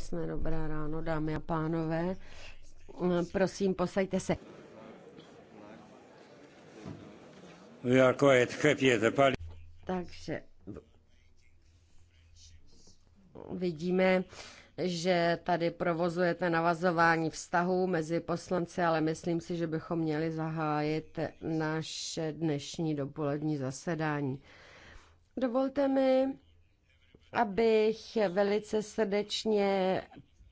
Krásné dobré ráno, dámy a pánové. Prosím, posaďte se. No jako Takže vidíme, že tady provozujete navazování vztahů mezi poslanci, ale myslím si, že bychom měli zahájit naše dnešní dopolední zasedání. Dovolte mi abych velice srdečně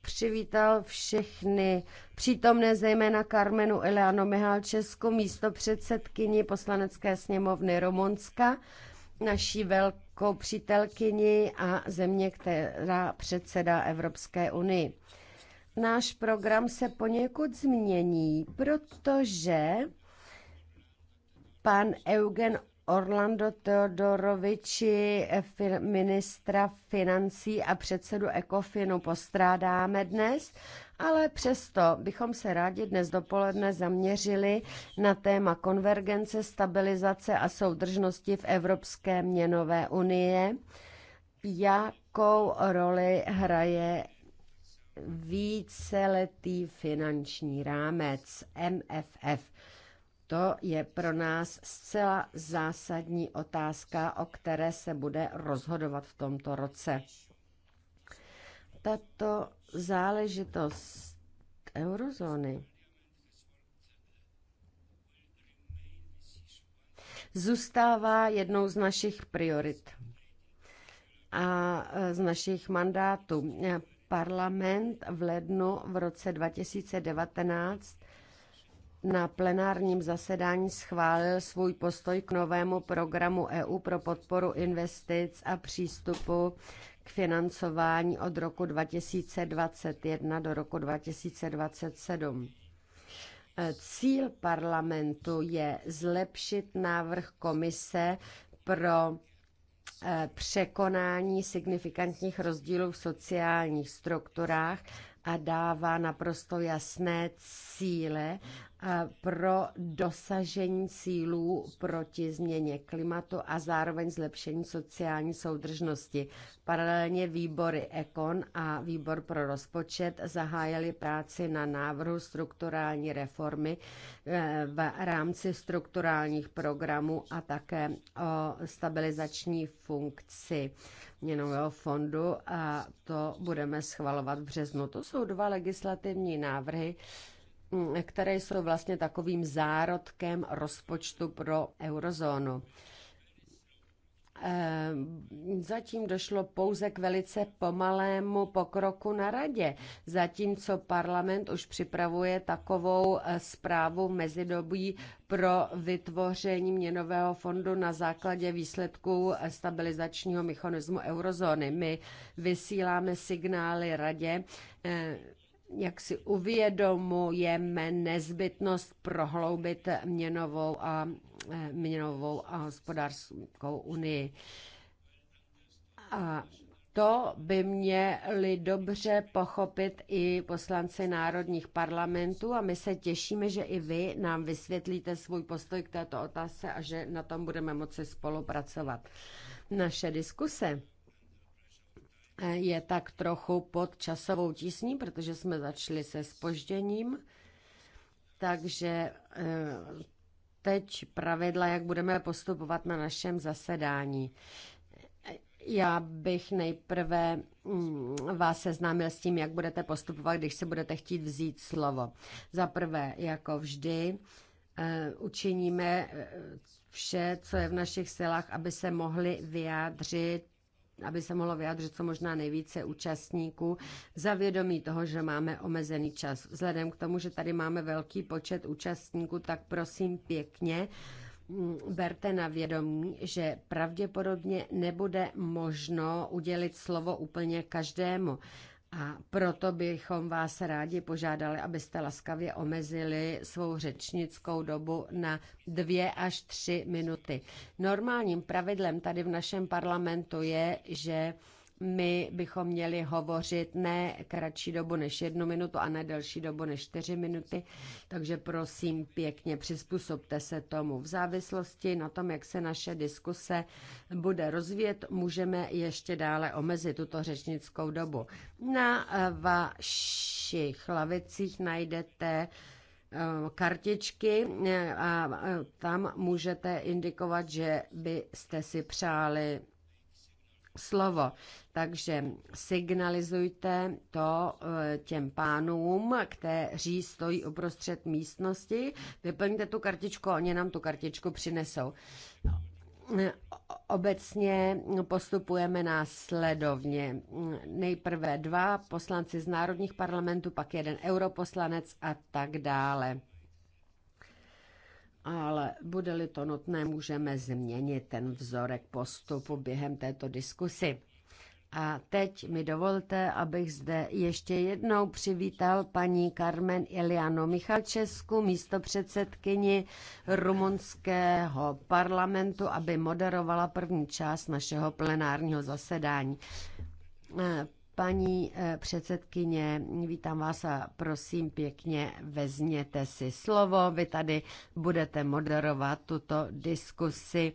přivítal všechny přítomné, zejména Karmenu Eleano Mihalčesku, místo předsedkyni poslanecké sněmovny Romonska, naší velkou přítelkyni a země, která předsedá Evropské unii. Náš program se poněkud změní, protože pan Eugen Orlando Teodoroviči, eh, ministra financí a předsedu Ekofinu postrádáme dnes, ale přesto bychom se rádi dnes dopoledne zaměřili na téma konvergence, stabilizace a soudržnosti v Evropské měnové unie. Jakou roli hraje víceletý finanční rámec MFF? To je pro nás zcela zásadní otázka, o které se bude rozhodovat v tomto roce. Tato záležitost eurozóny zůstává jednou z našich priorit a z našich mandátů. Parlament v lednu v roce 2019 na plenárním zasedání schválil svůj postoj k novému programu EU pro podporu investic a přístupu k financování od roku 2021 do roku 2027. E, cíl parlamentu je zlepšit návrh komise pro e, překonání signifikantních rozdílů v sociálních strukturách a dává naprosto jasné cíle pro dosažení cílů proti změně klimatu a zároveň zlepšení sociální soudržnosti. Paralelně výbory Ekon a výbor pro rozpočet zahájili práci na návrhu strukturální reformy eh, v rámci strukturálních programů a také o stabilizační funkci měnového fondu a to budeme schvalovat v březnu. To jsou dva legislativní návrhy, které jsou vlastně takovým zárodkem rozpočtu pro eurozónu. Ehm, zatím došlo pouze k velice pomalému pokroku na radě, zatímco parlament už připravuje takovou eh, zprávu v mezidobí pro vytvoření měnového fondu na základě výsledků eh, stabilizačního mechanismu eurozóny. My vysíláme signály radě, eh, jak si uvědomujeme nezbytnost prohloubit měnovou a, eh, měnovou a hospodářskou unii. A to by měli dobře pochopit i poslanci národních parlamentů a my se těšíme, že i vy nám vysvětlíte svůj postoj k této otázce a že na tom budeme moci spolupracovat. Naše diskuse je tak trochu pod časovou tísní, protože jsme začali se spožděním. Takže eh, teď pravidla, jak budeme postupovat na našem zasedání. Já bych nejprve mm, vás seznámil s tím, jak budete postupovat, když se budete chtít vzít slovo. Za prvé, jako vždy, eh, učiníme eh, vše, co je v našich silách, aby se mohli vyjádřit aby se mohlo vyjádřit co možná nejvíce účastníků za vědomí toho, že máme omezený čas. Vzhledem k tomu, že tady máme velký počet účastníků, tak prosím pěkně, mm, berte na vědomí, že pravděpodobně nebude možno udělit slovo úplně každému. A proto bychom vás rádi požádali, abyste laskavě omezili svou řečnickou dobu na dvě až tři minuty. Normálním pravidlem tady v našem parlamentu je, že my bychom měli hovořit ne kratší dobu než jednu minutu a ne delší dobu než čtyři minuty, takže prosím pěkně přizpůsobte se tomu. V závislosti na tom, jak se naše diskuse bude rozvíjet, můžeme ještě dále omezit tuto řečnickou dobu. Na eh, vašich lavicích najdete eh, kartičky eh, a tam můžete indikovat, že byste si přáli slovo. Takže signalizujte to eh, těm pánům, kteří stojí uprostřed místnosti. Vyplňte tu kartičku, oni nám tu kartičku přinesou. Eh, obecně postupujeme následovně. Nejprve dva poslanci z národních parlamentů, pak jeden europoslanec a tak dále. Ale bude-li to nutné, můžeme změnit ten vzorek postupu během této diskusy. A teď mi dovolte, abych zde ještě jednou přivítal paní Carmen Iliano Michalčesku, místopředsedkyni rumunského parlamentu, aby moderovala první část našeho plenárního zasedání. Paní eh, předsedkyně, vítám vás a prosím pěkně vezměte si slovo. Vy tady budete moderovat tuto diskusi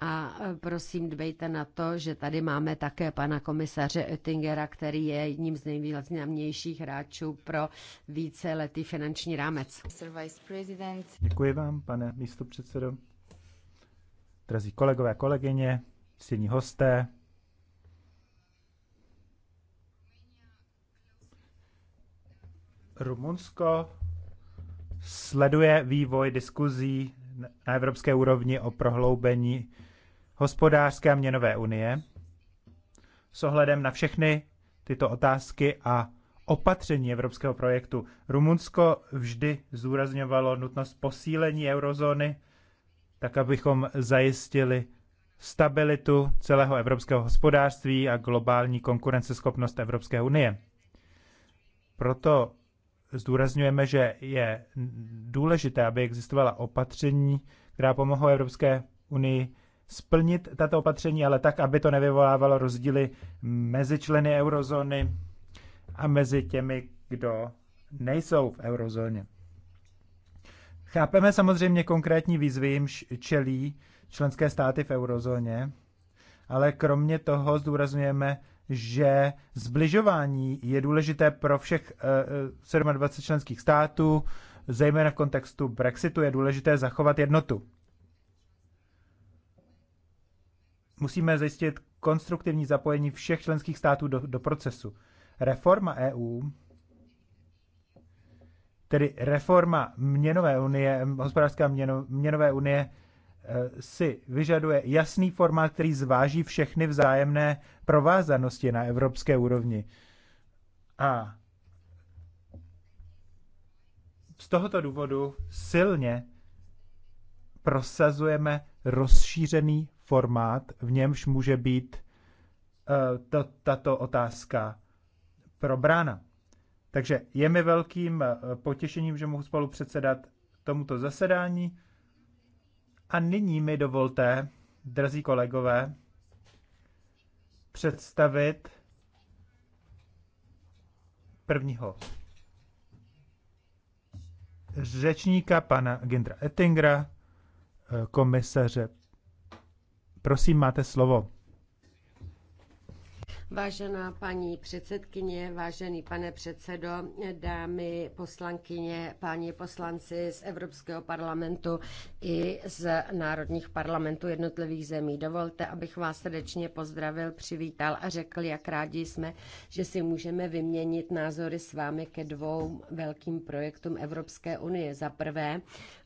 a eh, prosím dbejte na to, že tady máme také pana komisaře Oettingera, který je jedním z nejvýznamnějších hráčů pro víceletý finanční rámec. Děkuji vám, pane místopředsedo. Drazí kolegové a kolegyně, silní hosté, Rumunsko sleduje vývoj diskuzí na evropské úrovni o prohloubení hospodářské a měnové unie s ohledem na všechny tyto otázky a opatření evropského projektu. Rumunsko vždy zúrazňovalo nutnost posílení eurozóny, tak abychom zajistili stabilitu celého evropského hospodářství a globální konkurenceschopnost Evropské unie. Proto zdůrazňujeme, že je důležité, aby existovala opatření, která pomohou Evropské unii splnit tato opatření, ale tak, aby to nevyvolávalo rozdíly mezi členy eurozóny a mezi těmi, kdo nejsou v eurozóně. Chápeme samozřejmě konkrétní výzvy, jimž čelí členské státy v eurozóně, ale kromě toho zdůrazňujeme že zbližování je důležité pro všech 27 eh, eh, členských států, zejména v kontextu Brexitu je důležité zachovat jednotu. Musíme zajistit konstruktivní zapojení všech členských států do, do procesu. Reforma EU, tedy reforma měnové unie, hospodářská měno, měnové unie, Eh, si vyžaduje jasný formát, který zváží všechny vzájemné provázanosti na evropské úrovni. A z tohoto důvodu silně prosazujeme rozšířený formát, v němž může být eh, to, tato otázka probrána. Takže je mi velkým eh, potěšením, že mohu spolu předsedat tomuto zasedání. A nyní mi dovolte, drazí kolegové, představit prvního řečníka, pana Gendra Ettingera, eh, komisaře. Prosím, máte slovo. Vážená paní předsedkyně, vážený pane předsedo, dámy poslankyně, páni poslanci z Evropského parlamentu i z národních parlamentů jednotlivých zemí, dovolte, abych vás srdečně pozdravil, přivítal a řekl, jak rádi jsme, že si můžeme vyměnit názory s vámi ke dvou velkým projektům Evropské unie. Za prvé,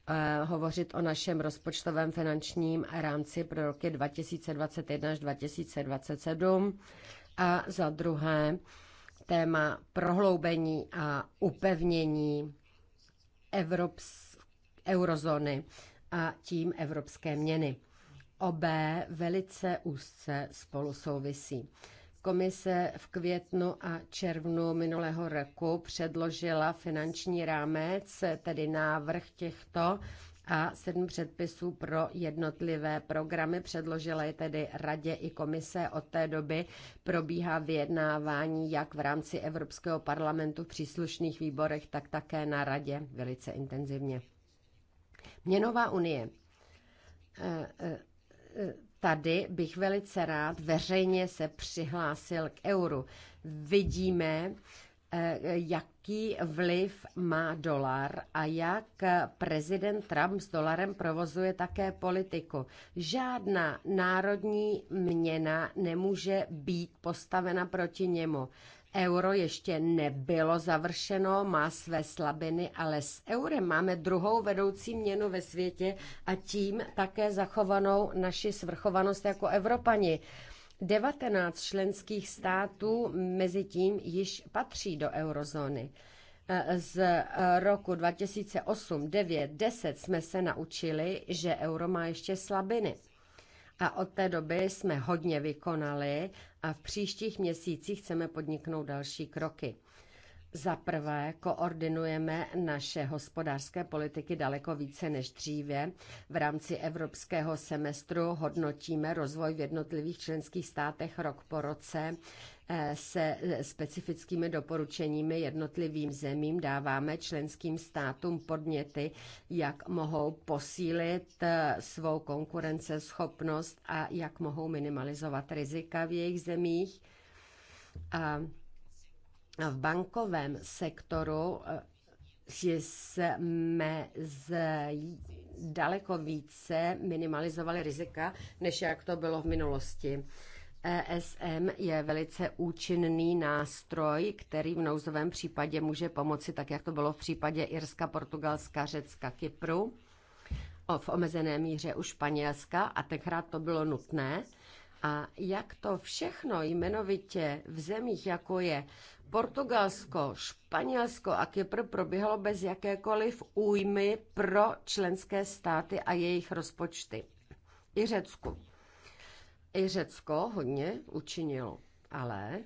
Eh, hovořit o našem rozpočtovém finančním rámci pro roky 2021 až 2027 a za druhé téma prohloubení a upevnění Evrops- eurozóny a tím evropské měny. Obé velice úzce spolu souvisí. Komise v květnu a červnu minulého roku předložila finanční rámec, tedy návrh těchto a sedm předpisů pro jednotlivé programy. Předložila je tedy radě i komise. Od té doby probíhá vyjednávání jak v rámci Evropského parlamentu v příslušných výborech, tak také na radě velice intenzivně. Měnová unie eh, eh, tady bych velice rád veřejně se přihlásil k euru. Vidíme, eh, jaký vliv má dolar a jak prezident Trump s dolarem provozuje také politiku. Žádná národní měna nemůže být postavena proti němu. Euro ještě nebylo završeno, má své slabiny, ale s eurem máme druhou vedoucí měnu ve světě a tím také zachovanou naši svrchovanost jako Evropani. 19 členských států mezi tím již patří do eurozóny. E, z e, roku 2008, 9, 10 jsme se naučili, že euro má ještě slabiny. A od té doby jsme hodně vykonali a v příštích měsících chceme podniknout další kroky. Za prvé koordinujeme naše hospodářské politiky daleko více než dříve. V rámci evropského semestru hodnotíme rozvoj v jednotlivých členských státech rok po roce eh, se specifickými doporučeními jednotlivým zemím dáváme členským státům podněty, jak mohou posílit eh, svou konkurenceschopnost a jak mohou minimalizovat rizika v jejich zemích. A v bankovém sektoru eh, jsme z daleko více minimalizovali rizika, než jak to bylo v minulosti. ESM je velice účinný nástroj, který v nouzovém případě může pomoci, tak jak to bylo v případě Irska, Portugalska, Řecka, Kypru, v omezené míře u Španělska a tenkrát to bylo nutné a jak to všechno jmenovitě v zemích, jako je Portugalsko, Španělsko a Kypr, proběhlo bez jakékoliv újmy pro členské státy a jejich rozpočty. I Řecku. I Řecko hodně učinilo, ale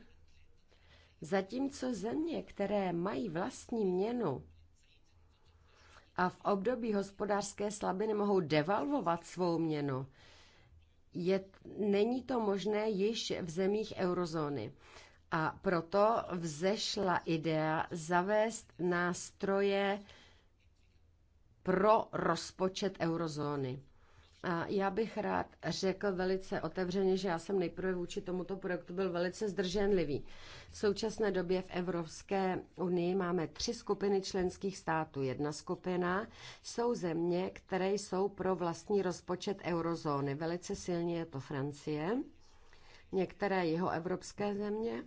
zatímco země, které mají vlastní měnu, a v období hospodářské slabiny mohou devalvovat svou měnu, je, není to možné již v zemích eurozóny. A proto vzešla idea zavést nástroje pro rozpočet eurozóny. A já bych rád řekl velice otevřeně, že já jsem nejprve vůči tomuto projektu byl velice zdrženlivý. V současné době v Evropské unii máme tři skupiny členských států. Jedna skupina jsou země, které jsou pro vlastní rozpočet eurozóny. Velice silně je to Francie, některé jeho evropské země.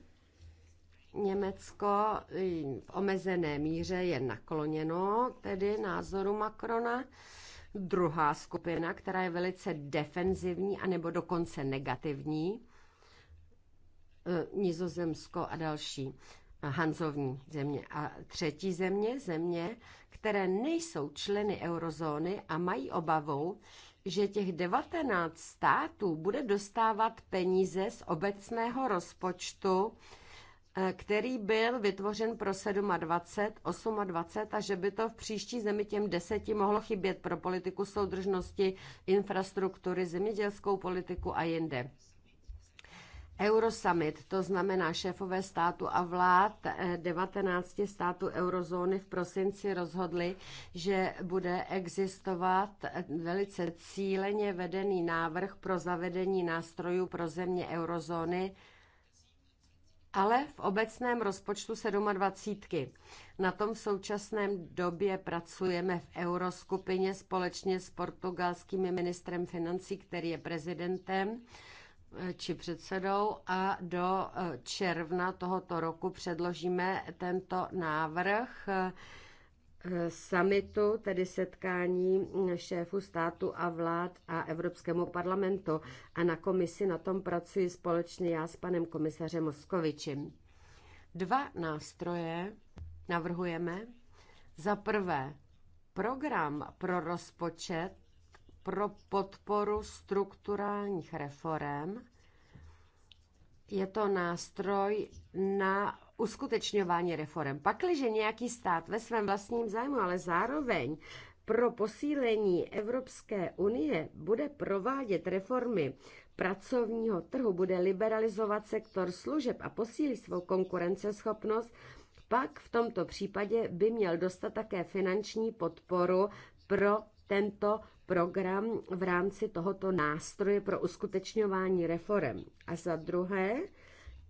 Německo v omezené míře je nakloněno tedy názoru Macrona Druhá skupina, která je velice defenzivní a nebo dokonce negativní, e, Nizozemsko a další hanzovní země. A třetí země, země, které nejsou členy eurozóny a mají obavu, že těch 19 států bude dostávat peníze z obecného rozpočtu Eh, který byl vytvořen pro 27, 28 a že by to v příští zemi těm deseti mohlo chybět pro politiku soudržnosti, infrastruktury, zemědělskou politiku a jinde. Eurosummit, to znamená šéfové státu a vlád 19 eh, států eurozóny v prosinci rozhodli, že bude existovat eh, velice cíleně vedený návrh pro zavedení nástrojů pro země eurozóny ale v obecném rozpočtu 27. Na tom v současném době pracujeme v euroskupině společně s portugalským ministrem financí, který je prezidentem eh, či předsedou a do eh, června tohoto roku předložíme tento návrh eh, summitu, tedy setkání šéfů státu a vlád a Evropskému parlamentu. A na komisi na tom pracuji společně já s panem komisařem Moskovičem. Dva nástroje navrhujeme. Za prvé program pro rozpočet pro podporu strukturálních reform je to nástroj na uskutečňování reform. Pakliže nějaký stát ve svém vlastním zájmu, ale zároveň pro posílení Evropské unie bude provádět reformy pracovního trhu, bude liberalizovat sektor služeb a posílí svou konkurenceschopnost, pak v tomto případě by měl dostat také finanční podporu pro tento program v rámci tohoto nástroje pro uskutečňování reform. A za druhé,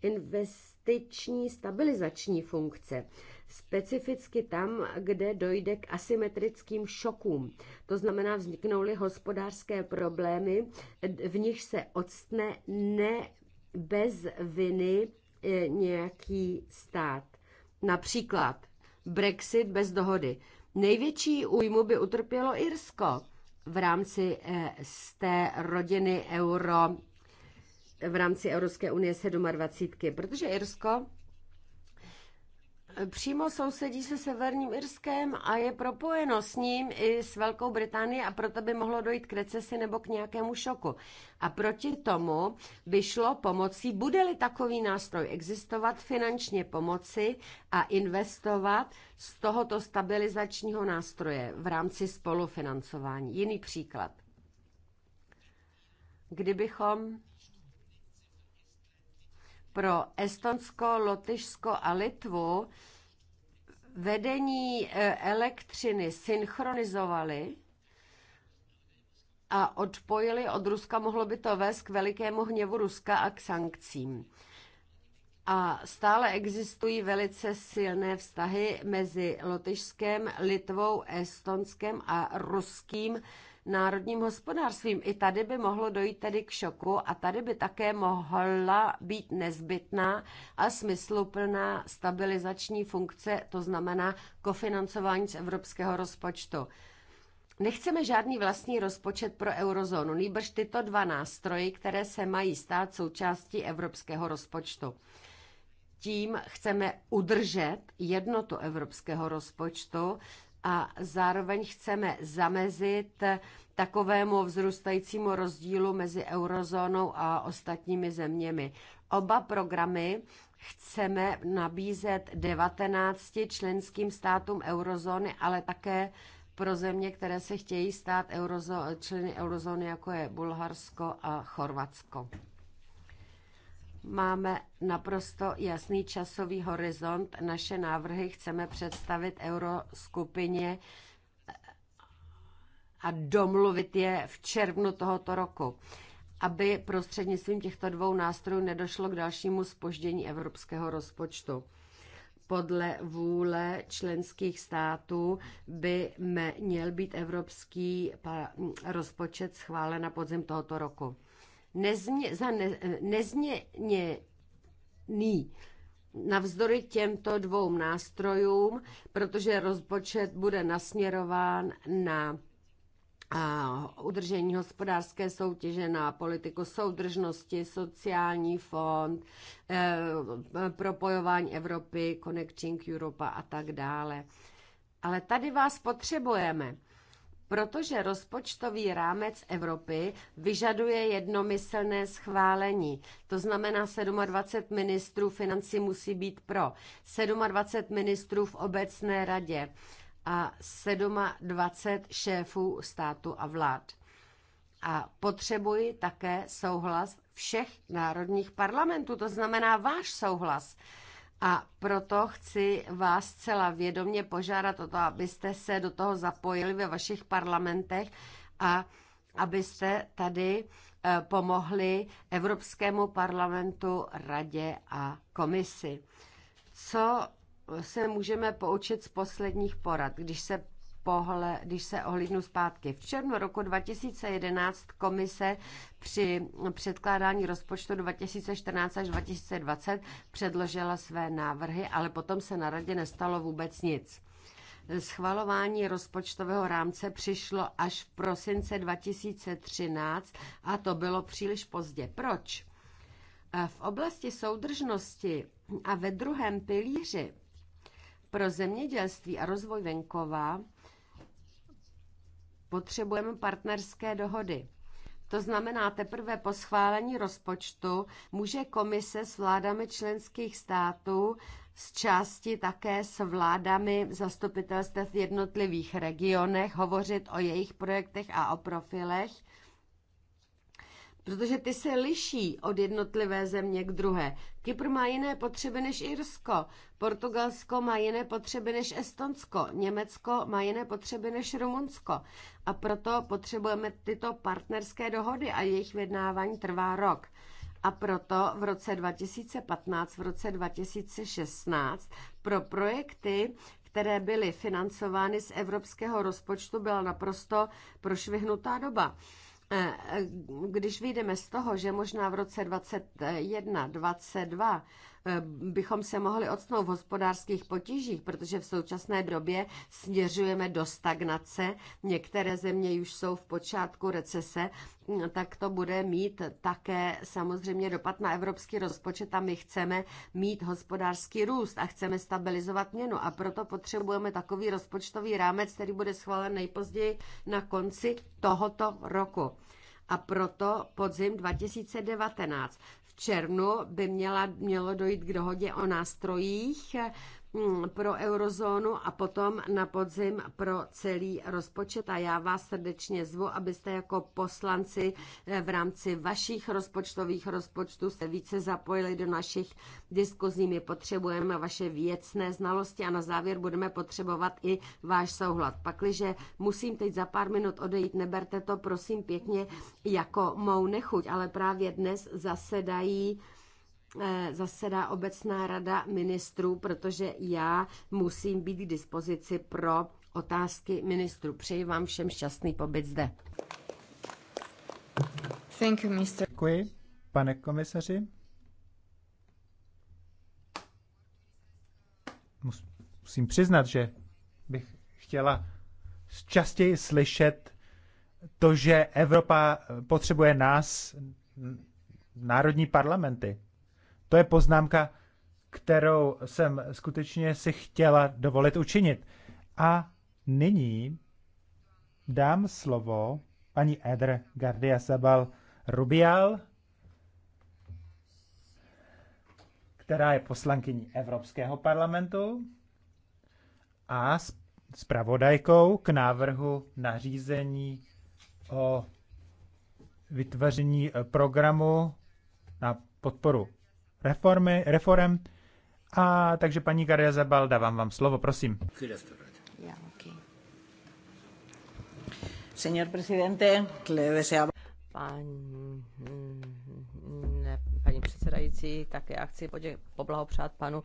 investiční stabilizační funkce, specificky tam, kde dojde k asymetrickým šokům. To znamená, vzniknou-li hospodářské problémy, v nich se odstne ne bez viny e, nějaký stát. Například Brexit bez dohody. Největší újmu by utrpělo Irsko v rámci eh, z té rodiny euro v rámci Evropské unie 27, protože Irsko přímo sousedí se Severním Irskem a je propojeno s ním i s Velkou Británií a proto by mohlo dojít k recesi nebo k nějakému šoku. A proti tomu by šlo pomocí, bude-li takový nástroj existovat, finančně pomoci a investovat z tohoto stabilizačního nástroje v rámci spolufinancování. Jiný příklad. Kdybychom pro Estonsko, Lotyšsko a Litvu vedení eh, elektřiny synchronizovali a odpojili od Ruska, mohlo by to vést k velikému hněvu Ruska a k sankcím. A stále existují velice silné vztahy mezi Lotyšskem, Litvou, Estonskem a Ruským národním hospodářstvím. I tady by mohlo dojít tedy k šoku a tady by také mohla být nezbytná a smysluplná stabilizační funkce, to znamená kofinancování z evropského rozpočtu. Nechceme žádný vlastní rozpočet pro eurozónu, nýbrž tyto dva nástroje, které se mají stát součástí evropského rozpočtu. Tím chceme udržet jednotu evropského rozpočtu a zároveň chceme zamezit takovému vzrůstajícímu rozdílu mezi eurozónou a ostatními zeměmi. Oba programy chceme nabízet 19 členským státům eurozóny, ale také pro země, které se chtějí stát eurozo- členy eurozóny, jako je Bulharsko a Chorvatsko. Máme naprosto jasný časový horizont. Naše návrhy chceme představit euroskupině a domluvit je v červnu tohoto roku, aby prostřednictvím těchto dvou nástrojů nedošlo k dalšímu spoždění evropského rozpočtu podle vůle členských států by měl být evropský rozpočet schválen na podzim tohoto roku nezmě, za ne, nezměněný navzdory těmto dvou nástrojům, protože rozpočet bude nasměrován na a udržení hospodářské soutěže na politiku soudržnosti, sociální fond, e, propojování Evropy, Connecting Europa a tak dále. Ale tady vás potřebujeme protože rozpočtový rámec Evropy vyžaduje jednomyslné schválení. To znamená, 27 ministrů financí musí být pro, 27 ministrů v obecné radě a 27 šéfů státu a vlád. A potřebuji také souhlas všech národních parlamentů, to znamená váš souhlas. A proto chci vás celá vědomě požádat o to, abyste se do toho zapojili ve vašich parlamentech a abyste tady eh, pomohli Evropskému parlamentu, radě a komisi. Co se můžeme poučit z posledních porad? Když se pohle, když se ohlídnu zpátky. V červnu roku 2011 komise při předkládání rozpočtu 2014 až 2020 předložila své návrhy, ale potom se na radě nestalo vůbec nic. Schvalování rozpočtového rámce přišlo až v prosince 2013 a to bylo příliš pozdě. Proč? V oblasti soudržnosti a ve druhém pilíři pro zemědělství a rozvoj venkova potřebujeme partnerské dohody. To znamená, teprve po schválení rozpočtu může komise s vládami členských států z části také s vládami zastupitelstv v jednotlivých regionech hovořit o jejich projektech a o profilech protože ty se liší od jednotlivé země k druhé. Kypr má jiné potřeby než Irsko, Portugalsko má jiné potřeby než Estonsko, Německo má jiné potřeby než Rumunsko. A proto potřebujeme tyto partnerské dohody a jejich vyjednávání trvá rok. A proto v roce 2015, v roce 2016 pro projekty které byly financovány z evropského rozpočtu, byla naprosto prošvihnutá doba. Eh, eh, když vyjdeme z toho, že možná v roce 21, 22 bychom se mohli odstnout v hospodářských potížích, protože v současné době směřujeme do stagnace. Některé země už jsou v počátku recese, tak to bude mít také samozřejmě dopad na evropský rozpočet a my chceme mít hospodářský růst a chceme stabilizovat měnu a proto potřebujeme takový rozpočtový rámec, který bude schválen nejpozději na konci tohoto roku a proto podzim 2019. V červnu by měla, mělo dojít k dohodě o nástrojích Hm, pro eurozónu a potom na podzim pro celý rozpočet. A já vás srdečně zvu, abyste jako poslanci eh, v rámci vašich rozpočtových rozpočtů se více zapojili do našich diskuzí. My potřebujeme vaše věcné znalosti a na závěr budeme potřebovat i váš souhlad. Pakliže musím teď za pár minut odejít, neberte to prosím pěkně jako mou nechuť, ale právě dnes zasedají Eh, zasedá obecná rada ministrů, protože já musím být k dispozici pro otázky ministrů. Přeji vám všem šťastný pobyt zde. Thank you, Mr. Děkuji, pane komisaři. Musím přiznat, že bych chtěla častěji slyšet to, že Evropa potřebuje nás, národní parlamenty. To je poznámka, kterou jsem skutečně si chtěla dovolit učinit. A nyní dám slovo paní Edr Gardia Sabal Rubial, která je poslankyní Evropského parlamentu a zpravodajkou k návrhu nařízení o vytvoření programu na podporu reformy, reform. A takže paní Garia Zabal, dávám vám slovo, prosím. Yeah, okay. Señor presidente, le deseaba... Pan předsedající. Také já chci podě- poblahopřát panu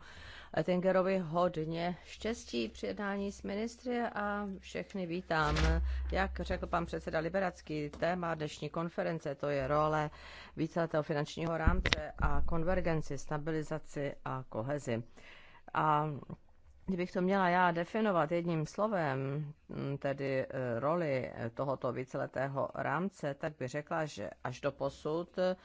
Ettingerovi hodně štěstí při jednání s ministry a všechny vítám. Jak řekl pan předseda Liberacký, téma dnešní konference to je role víceletého finančního rámce a konvergenci, stabilizaci a kohezi. A Kdybych to měla já definovat jedním slovem, tedy e, roli tohoto víceletého rámce, tak bych řekla, že až do posud e,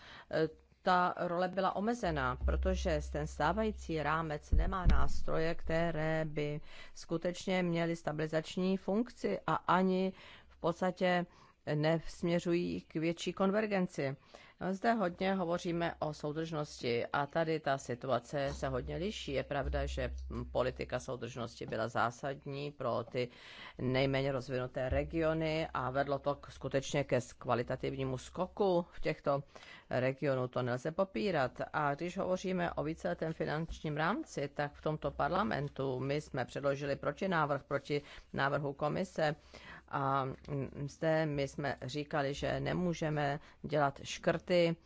ta role byla omezená, protože ten stávající rámec nemá nástroje, které by skutečně měly stabilizační funkci a ani v podstatě nesměřují k větší konvergenci. Zde hodně hovoříme o soudržnosti a tady ta situace se hodně liší. Je pravda, že politika soudržnosti byla zásadní pro ty nejméně rozvinuté regiony a vedlo to k, skutečně ke kvalitativnímu skoku v těchto regionů. To nelze popírat. A když hovoříme o víceletém finančním rámci, tak v tomto parlamentu my jsme předložili protinávrh proti návrhu komise a zde my jsme říkali, že nemůžeme dělat škrty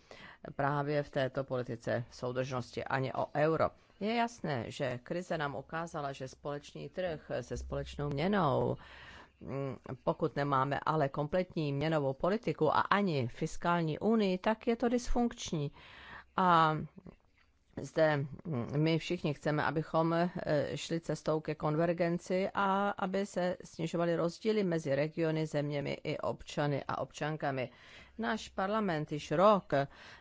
právě v této politice soudržnosti ani o euro. Je jasné, že krize nám ukázala, že společný trh se společnou měnou, mm, pokud nemáme ale kompletní měnovou politiku a ani fiskální unii, tak je to dysfunkční. A zde mm, my všichni chceme, abychom eh, šli cestou ke konvergenci a aby se snižovaly rozdíly mezi regiony, zeměmi i občany a občankami. Náš parlament již rok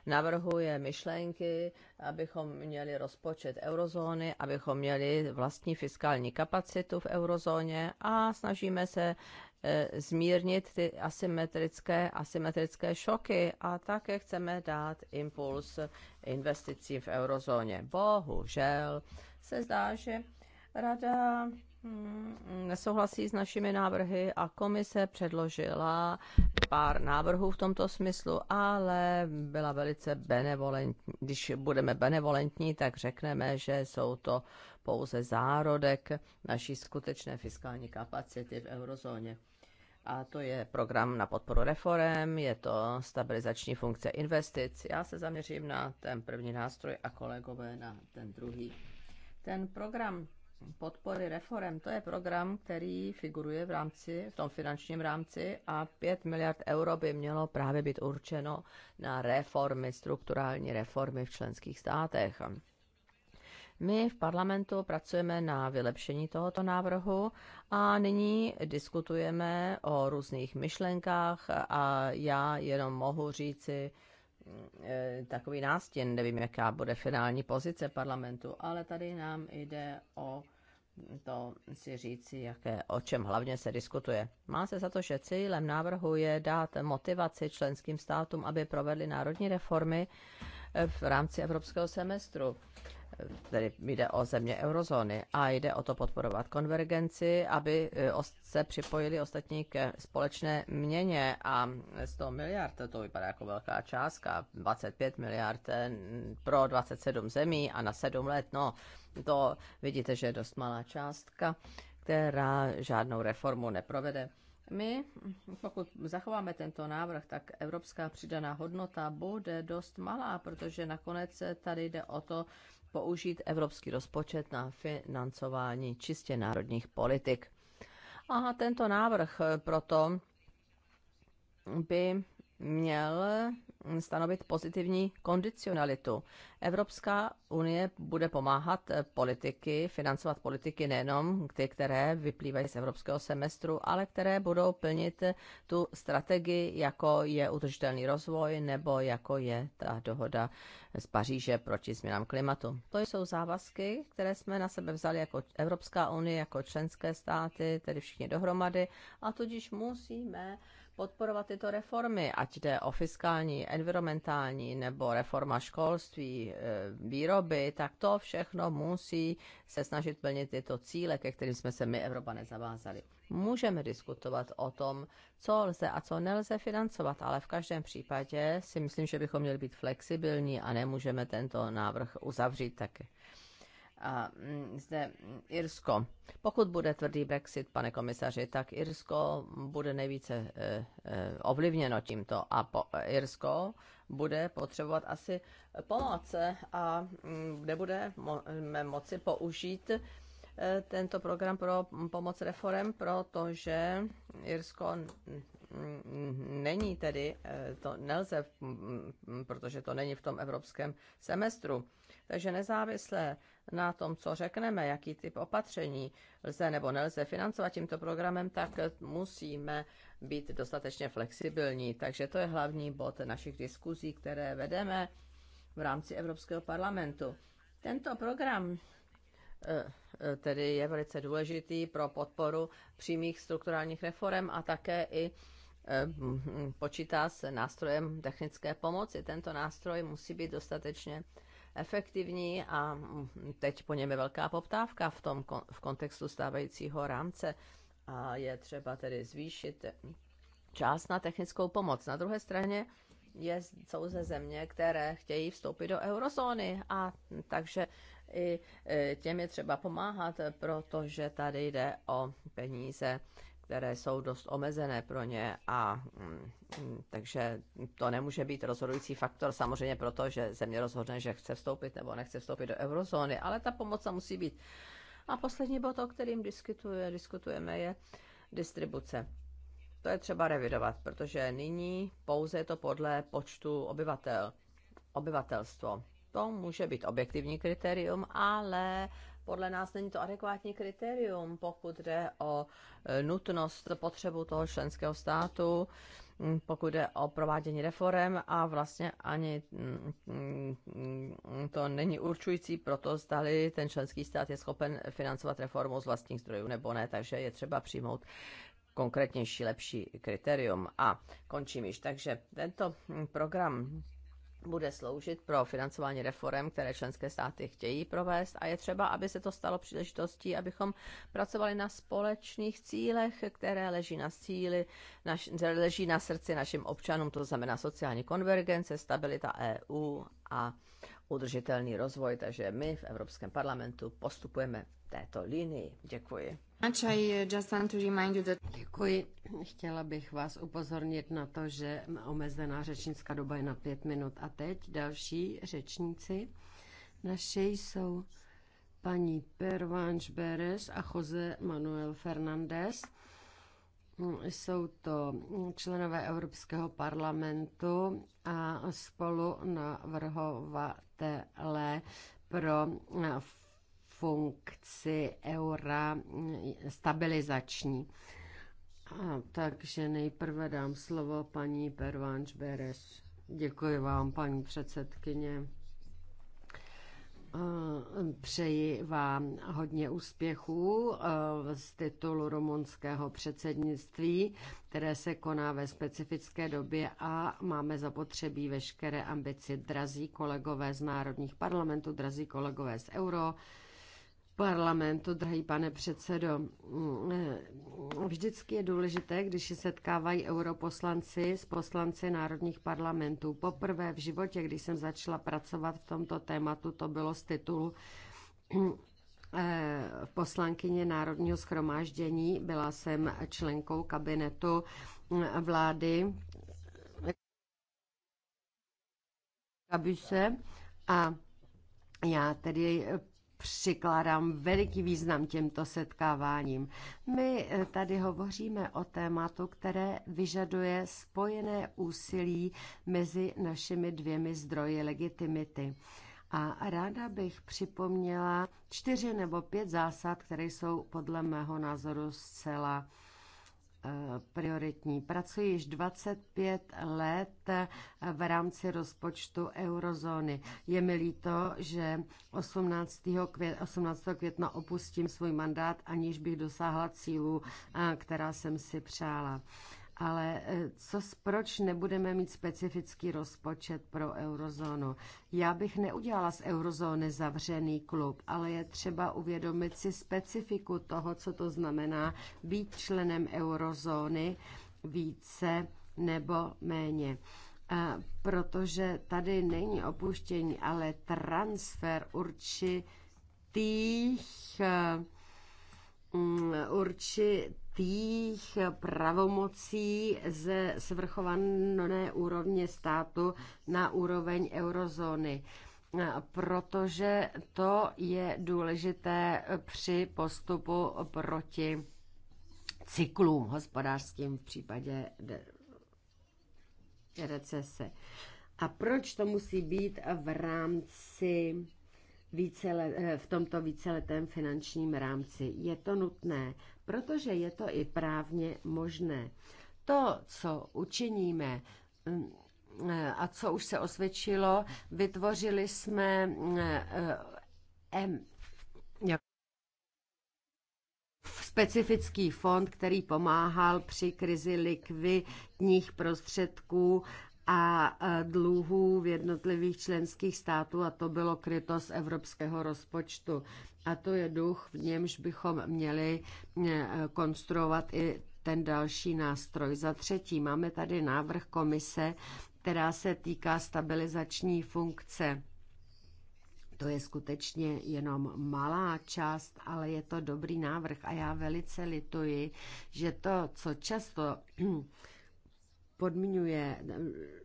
navrhuje myšlenky, abychom měli rozpočet eurozóny, abychom měli vlastní fiskální kapacitu v eurozóně a snažíme se Eh, zmírnit ty asymetrické, asymetrické šoky a také chceme dát impuls investicím v eurozóně. Bohužel se zdá, že rada hm, nesouhlasí s našimi návrhy a komise předložila pár návrhů v tomto smyslu, ale byla velice benevolentní. Když budeme benevolentní, tak řekneme, že jsou to pouze zárodek naší skutečné fiskální kapacity v eurozóně. A to je program na podporu reform, je to stabilizační funkce investic. Já se zaměřím na ten první nástroj a kolegové na ten druhý. Ten program podpory reform, to je program, který figuruje v rámci, v tom finančním rámci a 5 miliard euro by mělo právě být určeno na reformy, strukturální reformy v členských státech. My v parlamentu pracujeme na vylepšení tohoto návrhu a nyní diskutujeme o různých myšlenkách a já jenom mohu říci, mm, e, takový nástěn, nevím, jaká bude finální pozice parlamentu, ale tady nám jde o to si říci, jaké, o čem hlavně se diskutuje. Má se za to, že cílem návrhu je dát motivaci členským státům, aby provedly národní reformy e, v rámci evropského semestru tedy jde o země eurozóny a jde o to podporovat konvergenci, aby e, se připojili ostatní ke společné měně a 100 miliard, to vypadá jako velká částka, 25 miliard e, pro 27 zemí a na 7 let, no to vidíte, že je dost malá částka, která žádnou reformu neprovede. My, pokud zachováme tento návrh, tak evropská přidaná hodnota bude dost malá, protože nakonec tady jde o to, použít evropský rozpočet na financování čistě národních politik. A tento návrh proto by měl stanovit pozitivní kondicionalitu. Evropská unie bude pomáhat eh, politiky, financovat politiky nejenom ty, které vyplývají z evropského semestru, ale které budou plnit eh, tu strategii, jako je udržitelný rozvoj nebo jako je ta dohoda z Paříže proti změnám klimatu. To jsou závazky, které jsme na sebe vzali jako Evropská unie, jako členské státy, tedy všichni dohromady, a tudíž musíme podporovat tyto reformy, ať jde o fiskální, environmentální nebo reforma školství, e, výroby, tak to všechno musí se snažit plnit tyto cíle, ke kterým jsme se my Evropa nezavázali. Můžeme diskutovat o tom, co lze a co nelze financovat, ale v každém případě si myslím, že bychom měli být flexibilní a nemůžeme tento návrh uzavřít taky a mm, zde mm, Irsko. Pokud bude tvrdý Brexit, pane komisaři, tak Irsko bude nejvíce eh, eh, ovlivněno tímto a po, Irsko bude potřebovat asi pomoc a nebude mm, mo, eh, moci použít tento program pro pomoc reform, protože Irsko není tedy, to nelze, protože to není v tom evropském semestru. Takže nezávisle na tom, co řekneme, jaký typ opatření lze nebo nelze financovat tímto programem, tak musíme být dostatečně flexibilní. Takže to je hlavní bod našich diskuzí, které vedeme v rámci Evropského parlamentu. Tento program eh, eh, tedy je velice důležitý pro podporu přímých strukturálních reform a také i eh, počítá s nástrojem technické pomoci. Tento nástroj musí být dostatečně efektivní a mm, teď po něm je velká poptávka v tom v kontextu stávajícího rámce a je třeba tedy zvýšit část na technickou pomoc. Na druhé straně je, jsou ze země, které chtějí vstoupit do eurozóny a takže i e, těm je třeba pomáhat, protože tady jde o peníze které jsou dost omezené pro ně a mm, mm, takže to nemůže být rozhodující faktor samozřejmě proto, že země rozhodne, že chce vstoupit nebo nechce vstoupit do eurozóny, ale ta pomoc tam musí být. A poslední bod, o kterým diskutuje, diskutujeme, je distribuce. To je třeba revidovat, protože nyní pouze je to podle počtu obyvatel. Obyvatelstvo. To může být objektivní kritérium, ale podle nás není to adekvátní kritérium, pokud jde o e, nutnost, potřebu toho členského státu, pokud jde o provádění reform a vlastně ani to není určující pro to, zdali ten členský stát je schopen financovat reformu z vlastních zdrojů nebo ne, takže je třeba přijmout konkrétnější, lepší kritérium. A končím již. Takže tento program bude sloužit pro financování reform, které členské státy chtějí provést a je třeba, aby se to stalo příležitostí, abychom pracovali na společných cílech, které leží na cíli, naš, leží na srdci našim občanům, to znamená sociální konvergence, stabilita EU a udržitelný rozvoj, takže my v Evropském parlamentu postupujeme v této linii. Děkuji. Děkuji. Chtěla bych vás upozornit na to, že omezená řečnická doba je na pět minut. A teď další řečníci. Naše jsou paní Pervanš Beres a Jose Manuel Fernández. Jsou to členové Evropského parlamentu a spolu navrhovatelé pro funkci eura stabilizační. A, takže nejprve dám slovo paní Pervánč Beres. Děkuji vám, paní předsedkyně. Přeji vám hodně úspěchů z titulu rumunského předsednictví, které se koná ve specifické době a máme zapotřebí veškeré ambici. Drazí kolegové z národních parlamentů, drazí kolegové z Euro, parlamentu, drahý pane předsedo. Mm, vždycky je důležité, když se setkávají europoslanci s poslanci národních parlamentů. Poprvé v životě, když jsem začala pracovat v tomto tématu, to bylo z titulu mm, eh, poslankyně Národního schromáždění. Byla jsem členkou kabinetu mm, vlády Kabuse a já tedy přikládám veliký význam těmto setkáváním. My eh, tady hovoříme o tématu, které vyžaduje spojené úsilí mezi našimi dvěmi zdroji legitimity. A ráda bych připomněla čtyři nebo pět zásad, které jsou podle mého názoru zcela prioritní. Pracuji již 25 let v rámci rozpočtu eurozóny. Je mi líto, že 18. Květ, 18. května opustím svůj mandát, aniž bych dosáhla cílů, která jsem si přála. Ale e, co, proč nebudeme mít specifický rozpočet pro eurozónu? Já bych neudělala z eurozóny zavřený klub, ale je třeba uvědomit si specifiku toho, co to znamená být členem eurozóny více nebo méně. A e, protože tady není opuštění, ale transfer určitých e, mm, určitých tých pravomocí ze svrchované úrovně státu na úroveň eurozóny protože to je důležité při postupu proti cyklům hospodářským v případě recese. A proč to musí být v rámci v tomto víceletém finančním rámci? Je to nutné, protože je to i právně možné. To, co učiníme, mm, eh, a co už se osvědčilo, vytvořili jsme eh, eh, specifický fond, který pomáhal při krizi likvidních prostředků a dluhů v jednotlivých členských států a to bylo kryto z evropského rozpočtu. A to je duch, v němž bychom měli e, konstruovat i ten další nástroj. Za třetí máme tady návrh komise, která se týká stabilizační funkce. To je skutečně jenom malá část, ale je to dobrý návrh a já velice lituji, že to, co často podmiňuje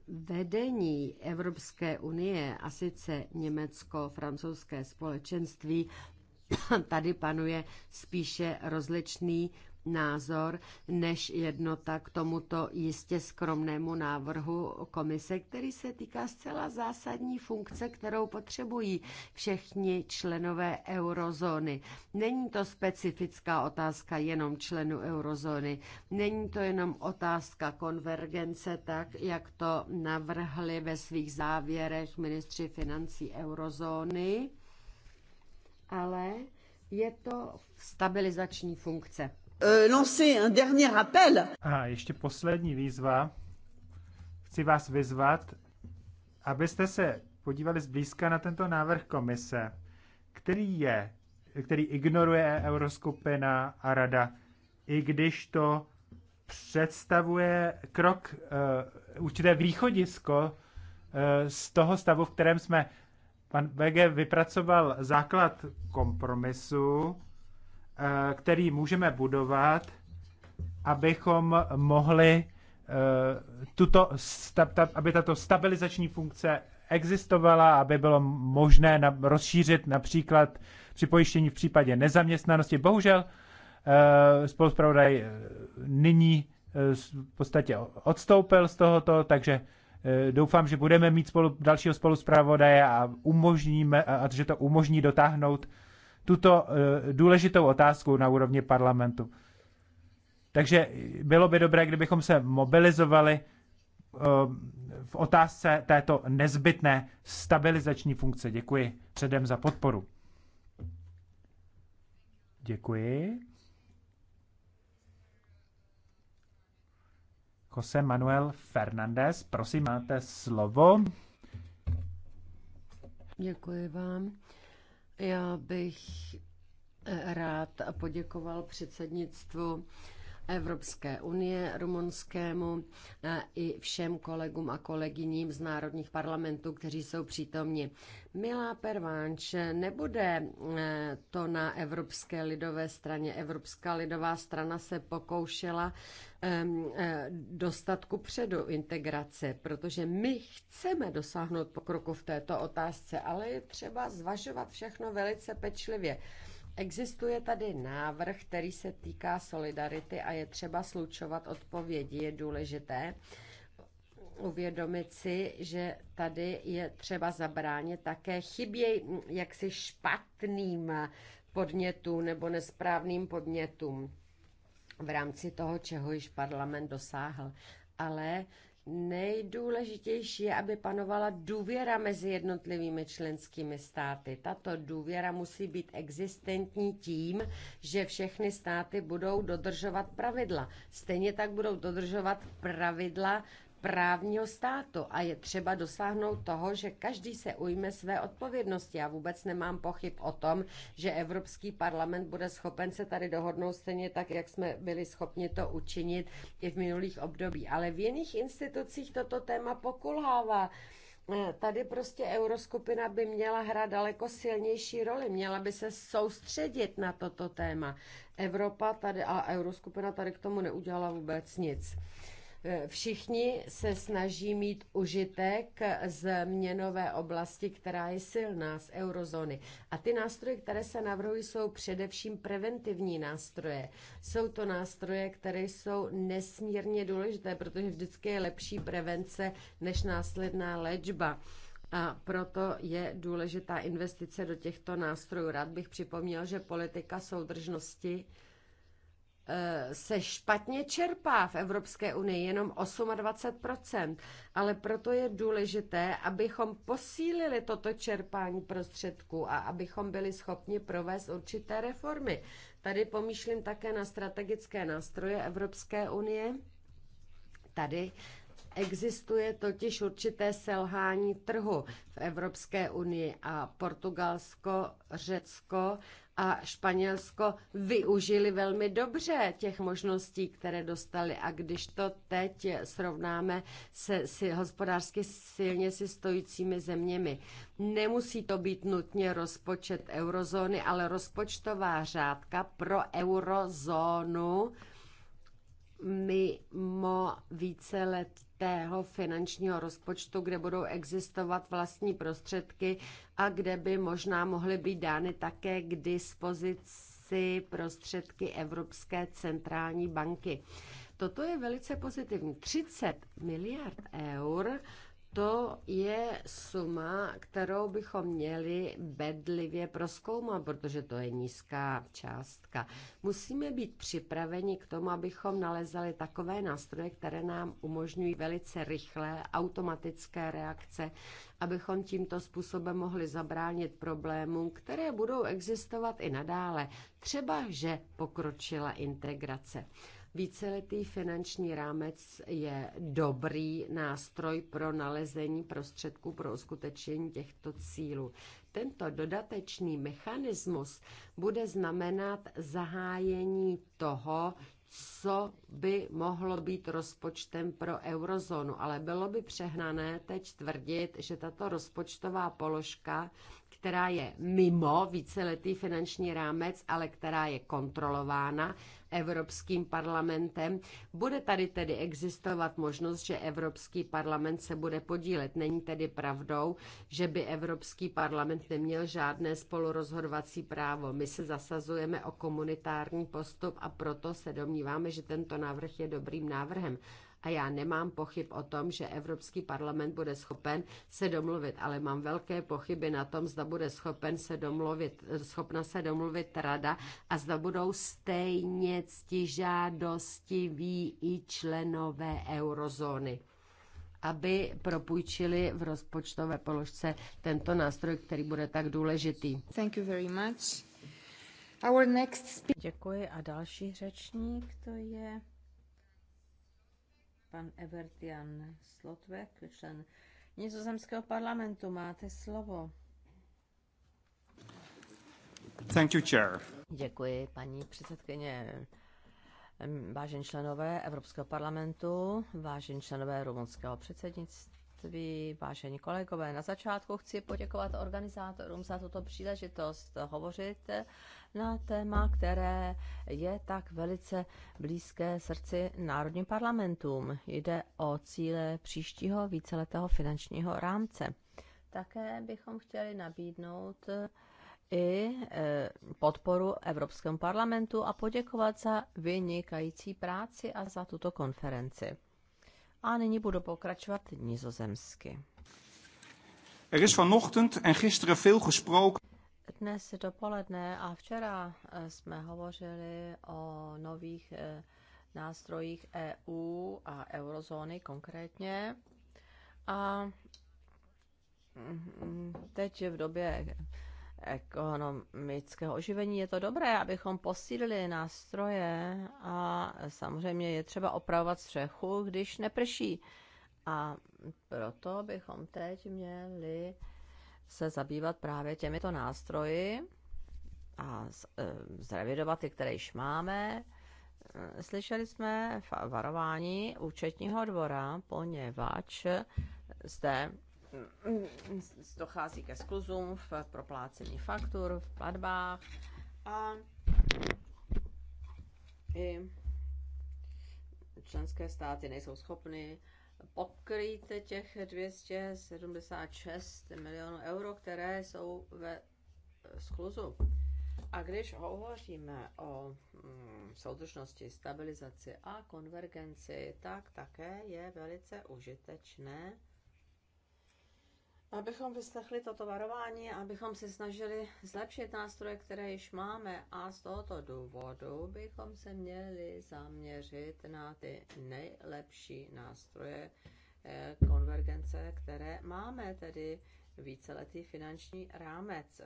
vedení Evropské unie a sice německo-francouzské společenství, tady panuje spíše rozličný názor než jednota k tomuto jistě skromnému návrhu komise, který se týká zcela zásadní funkce, kterou potřebují všichni členové eurozóny. Není to specifická otázka jenom členů eurozóny, není to jenom otázka konvergence, tak jak to navrhli ve svých závěrech ministři financí eurozóny, ale je to stabilizační funkce. Euh, lancer un dernier appel. A ještě poslední výzva. Chci vás vyzvat, abyste se podívali zblízka na tento návrh komise, který je, který ignoruje Euroskupina a Rada, i když to představuje krok, uh, určité východisko uh, z toho stavu, v kterém jsme. Pan BG vypracoval základ kompromisu, Eh, který můžeme budovat, abychom mohli eh, tuto, aby tato stabilizační funkce existovala, aby bylo možné rozšířit například připojištění v případě nezaměstnanosti. Bohužel eh, spoluzpravodaj nyní v podstatě odstoupil z tohoto, takže doufám, že budeme mít spolu, dalšího spoluzpravodaje a umožníme, a že to umožní dotáhnout tuto eh, důležitou otázku na úrovni parlamentu. Takže bylo by dobré, kdybychom se mobilizovali eh, v otázce této nezbytné stabilizační funkce. Děkuji předem za podporu. Děkuji. Jose Manuel Fernández, prosím, máte slovo. Děkuji vám. Já bych eh, rád poděkoval předsednictvu Evropské unie, rumunskému e, i všem kolegům a kolegyním z národních parlamentů, kteří jsou přítomni. Milá Pervánč, nebude e, to na Evropské lidové straně. Evropská lidová strana se pokoušela e, dostat ku předu integrace, protože my chceme dosáhnout pokroku v této otázce, ale je třeba zvažovat všechno velice pečlivě. Existuje tady návrh, který se týká solidarity a je třeba slučovat odpovědi. Je důležité uvědomit si, že tady je třeba zabránit také chyběj jaksi špatným podnětům nebo nesprávným podnětům v rámci toho, čeho již parlament dosáhl. Ale Nejdůležitější je, aby panovala důvěra mezi jednotlivými členskými státy. Tato důvěra musí být existentní tím, že všechny státy budou dodržovat pravidla. Stejně tak budou dodržovat pravidla právního státu a je třeba dosáhnout toho, že každý se ujme své odpovědnosti. Já vůbec nemám pochyb o tom, že Evropský parlament bude schopen se tady dohodnout stejně tak, jak jsme byli schopni to učinit i v minulých období. Ale v jiných institucích toto téma pokulhává. Eh, tady prostě euroskupina by měla hrát daleko silnější roli, měla by se soustředit na toto téma. Evropa tady a euroskupina tady k tomu neudělala vůbec nic. Všichni se snaží mít užitek z měnové oblasti, která je silná z eurozóny. A ty nástroje, které se navrhují, jsou především preventivní nástroje. Jsou to nástroje, které jsou nesmírně důležité, protože vždycky je lepší prevence než následná léčba. A proto je důležitá investice do těchto nástrojů. Rád bych připomněl, že politika soudržnosti Eh, se špatně čerpá v Evropské unii, jenom 28%, ale proto je důležité, abychom posílili toto čerpání prostředků a abychom byli schopni provést určité reformy. Tady pomýšlím také na strategické nástroje Evropské unie. Tady Existuje totiž určité selhání trhu v Evropské unii a Portugalsko, Řecko a Španělsko využili velmi dobře těch možností, které dostali. A když to teď srovnáme se si, hospodářsky silně si stojícími zeměmi, nemusí to být nutně rozpočet eurozóny, ale rozpočtová řádka pro eurozónu mimo let čistého finančního rozpočtu, kde budou existovat vlastní prostředky a kde by možná mohly být dány také k dispozici prostředky Evropské centrální banky. Toto je velice pozitivní. 30 miliard eur to je suma, kterou bychom měli bedlivě proskoumat, protože to je nízká částka. Musíme být připraveni k tomu, abychom nalezali takové nástroje, které nám umožňují velice rychlé automatické reakce, abychom tímto způsobem mohli zabránit problémům, které budou existovat i nadále. Třeba, že pokročila integrace. Víceletý finanční rámec je dobrý nástroj pro nalezení prostředků pro uskutečnění těchto cílů. Tento dodatečný mechanismus bude znamenat zahájení toho, co by mohlo být rozpočtem pro eurozónu, ale bylo by přehnané teď tvrdit, že tato rozpočtová položka která je mimo víceletý finanční rámec, ale která je kontrolována Evropským parlamentem. Bude tady tedy existovat možnost, že Evropský parlament se bude podílet. Není tedy pravdou, že by Evropský parlament neměl žádné spolurozhodovací právo. My se zasazujeme o komunitární postup a proto se domníváme, že tento návrh je dobrým návrhem a já nemám pochyb o tom, že Evropský parlament bude schopen se domluvit, ale mám velké pochyby na tom, zda bude schopen se domluvit, schopna se domluvit rada a zda budou stejně ctižádostiví i členové eurozóny aby propůjčili v rozpočtové položce tento nástroj, který bude tak důležitý. Thank you very much. Our next Děkuji a další řečník to je Pan Evertian Slotvek, člen nizozemského parlamentu, máte slovo. Thank you, chair. Děkuji, paní předsedkyně. Vážení členové Evropského parlamentu, vážení členové rumunského předsednictví, vážení kolegové, na začátku chci poděkovat organizátorům za tuto příležitost hovořit na téma, které je tak velice blízké srdci národním parlamentům. Jde o cíle příštího víceletého finančního rámce. Také bychom chtěli nabídnout eh, i eh, podporu Evropskému parlamentu a poděkovat za vynikající práci a za tuto konferenci. A nyní budu pokračovat nizozemsky. Er is vanochtend en gisteren veel gesproken. Dnes dopoledne a včera eh, jsme hovořili o nových eh, nástrojích EU a eurozóny konkrétně. A mm, teď v době ekonomického oživení je to dobré, abychom posílili nástroje a samozřejmě je třeba opravovat střechu, když neprší. A proto bychom teď měli se zabývat právě těmito nástroji a e, zrevidovat ty, které již máme. E, slyšeli jsme varování účetního dvora, poněvadž zde mm, mm, dochází ke skluzům v proplácení faktur, v platbách a i členské státy nejsou schopny pokryjte těch 276 milionů euro, které jsou ve skluzu. A když hovoříme o mm, soudržnosti, stabilizaci a konvergenci, tak také je velice užitečné abychom vyslechli toto varování, abychom se snažili zlepšit nástroje, které již máme a z tohoto důvodu bychom se měli zaměřit na ty nejlepší nástroje eh, konvergence, které máme, tedy víceletý finanční rámec,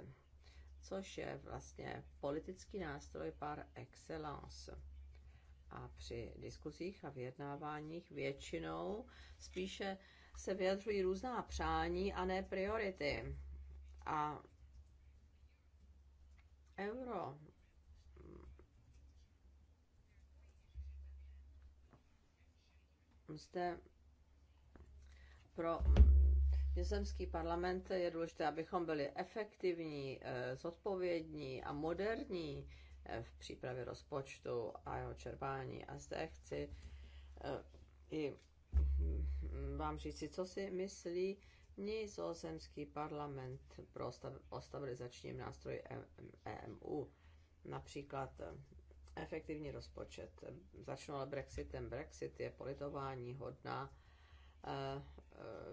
což je vlastně politický nástroj par excellence. A při diskuzích a vyjednáváních většinou spíše se vyjadřují různá přání a ne priority. A euro zde pro nizozemský parlament je důležité, abychom byli efektivní, eh, zodpovědní a moderní eh, v přípravě rozpočtu a jeho čerpání. A zde chci eh, i vám říci, co si myslí nizozemský parlament pro stav, o stabilizačním nástroji EMU. E Například eh, efektivní rozpočet. Začnu ale Brexitem. Brexit je politování hodná eh,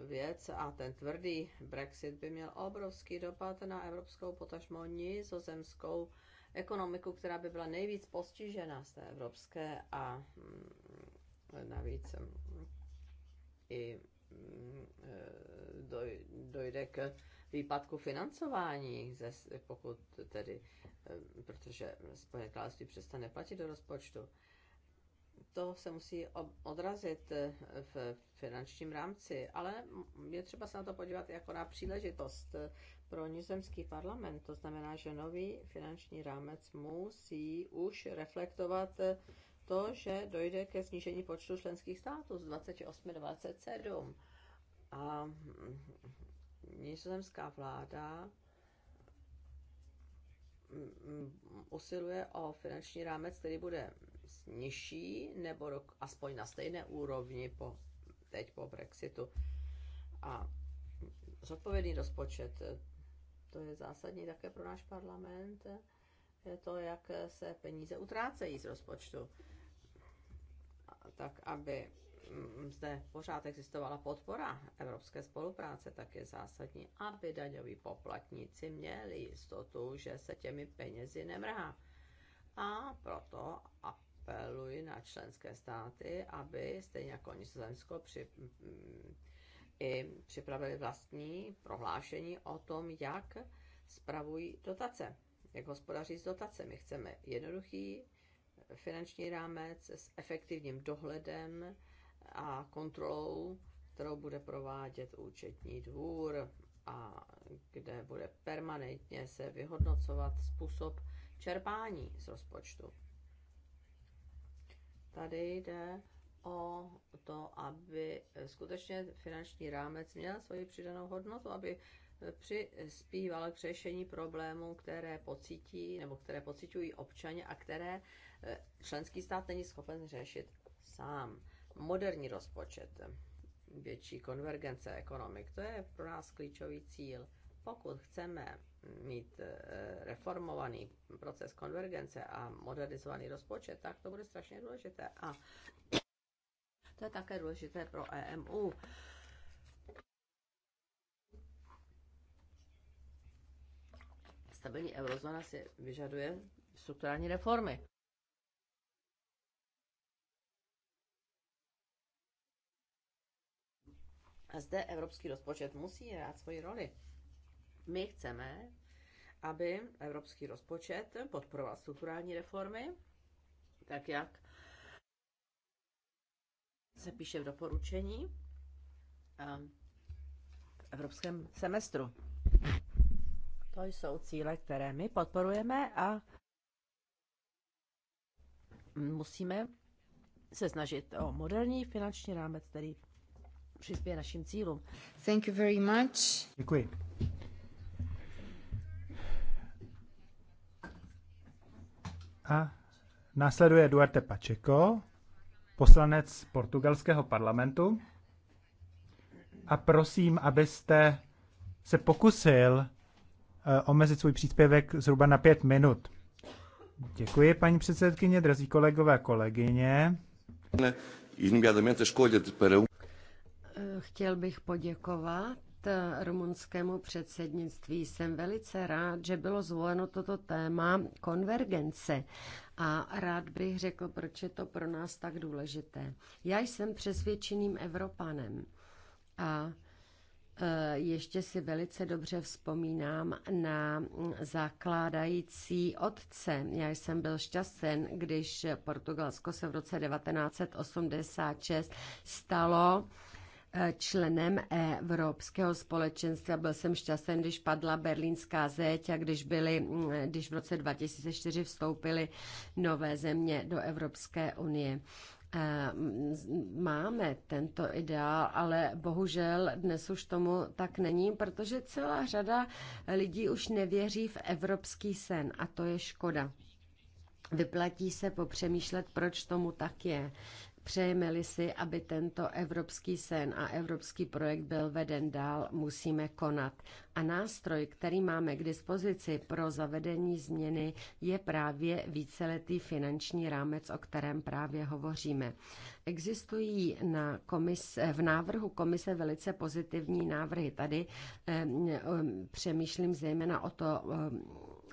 věc a ten tvrdý Brexit by měl obrovský dopad na evropskou potažmo nizozemskou ekonomiku, která by byla nejvíc postižena z té evropské a mm, navíc mm, i mm, e, dojde k výpadku financování, pokud tedy, e, protože Spojené království přestane platit do rozpočtu. To se musí odrazit e, v finančním rámci, ale je třeba se na to podívat jako na příležitost pro nizozemský parlament. To znamená, že nový finanční rámec musí už reflektovat to, že dojde ke snížení počtu členských států z 28 na 27. A nizozemská vláda mm, mm, usiluje o finanční rámec, který bude nižší nebo rok, aspoň na stejné úrovni po, teď po Brexitu. A zodpovědný rozpočet, to je zásadní také pro náš parlament, je to, jak se peníze utrácejí z rozpočtu tak aby mm, zde pořád existovala podpora evropské spolupráce, tak je zásadní, aby daňoví poplatníci měli jistotu, že se těmi penězi nemrhá. A proto apeluji na členské státy, aby stejně jako Nizozemsko při, mm, i připravili vlastní prohlášení o tom, jak spravují dotace, jak hospodaří s dotacemi. Chceme jednoduchý finanční rámec s efektivním dohledem a kontrolou, kterou bude provádět účetní dvůr a kde bude permanentně se vyhodnocovat způsob čerpání z rozpočtu. Tady jde o to, aby skutečně finanční rámec měl svoji přidanou hodnotu, aby přispíval k řešení problémů, které pocítí nebo které pocitují občaně a které členský stát není schopen řešit sám. Moderní rozpočet, větší konvergence ekonomik, to je pro nás klíčový cíl. Pokud chceme mít eh, reformovaný proces konvergence a modernizovaný rozpočet, tak to bude strašně důležité. A to je také důležité pro EMU. Stabilní eurozóna si vyžaduje strukturální reformy. A zde evropský rozpočet musí hrát svoji roli. My chceme, aby evropský rozpočet podporoval strukturální reformy, tak jak se píše v doporučení v evropském semestru. To jsou cíle, které my podporujeme a musíme se snažit o moderní finanční rámec, který přispěje našim cílům. Thank you very much. Děkuji. A následuje Duarte Pacheco, poslanec portugalského parlamentu. A prosím, abyste se pokusil eh, omezit svůj příspěvek zhruba na pět minut. Děkuji, paní předsedkyně, drazí kolegové a kolegyně. E, a escolha de, para um Chtěl bych poděkovat eh, rumunskému předsednictví. Jsem velice rád, že bylo zvoleno toto téma konvergence a rád bych řekl, proč je to pro nás tak důležité. Já jsem přesvědčeným Evropanem a eh, ještě si velice dobře vzpomínám na zakládající otce. Já jsem byl šťasten, když Portugalsko se v roce 1986 stalo členem Evropského společenstva. Byl jsem šťastný, když padla berlínská zeď a když, byly, když v roce 2004 vstoupily nové země do Evropské unie. Máme tento ideál, ale bohužel dnes už tomu tak není, protože celá řada lidí už nevěří v evropský sen a to je škoda. Vyplatí se popřemýšlet, proč tomu tak je. Přejeme-li si, aby tento evropský sen a evropský projekt byl veden dál, musíme konat. A nástroj, který máme k dispozici pro zavedení změny, je právě víceletý finanční rámec, o kterém právě hovoříme. Existují na komise, v návrhu komise velice pozitivní návrhy. Tady eh, eh přemýšlím zejména o to, eh,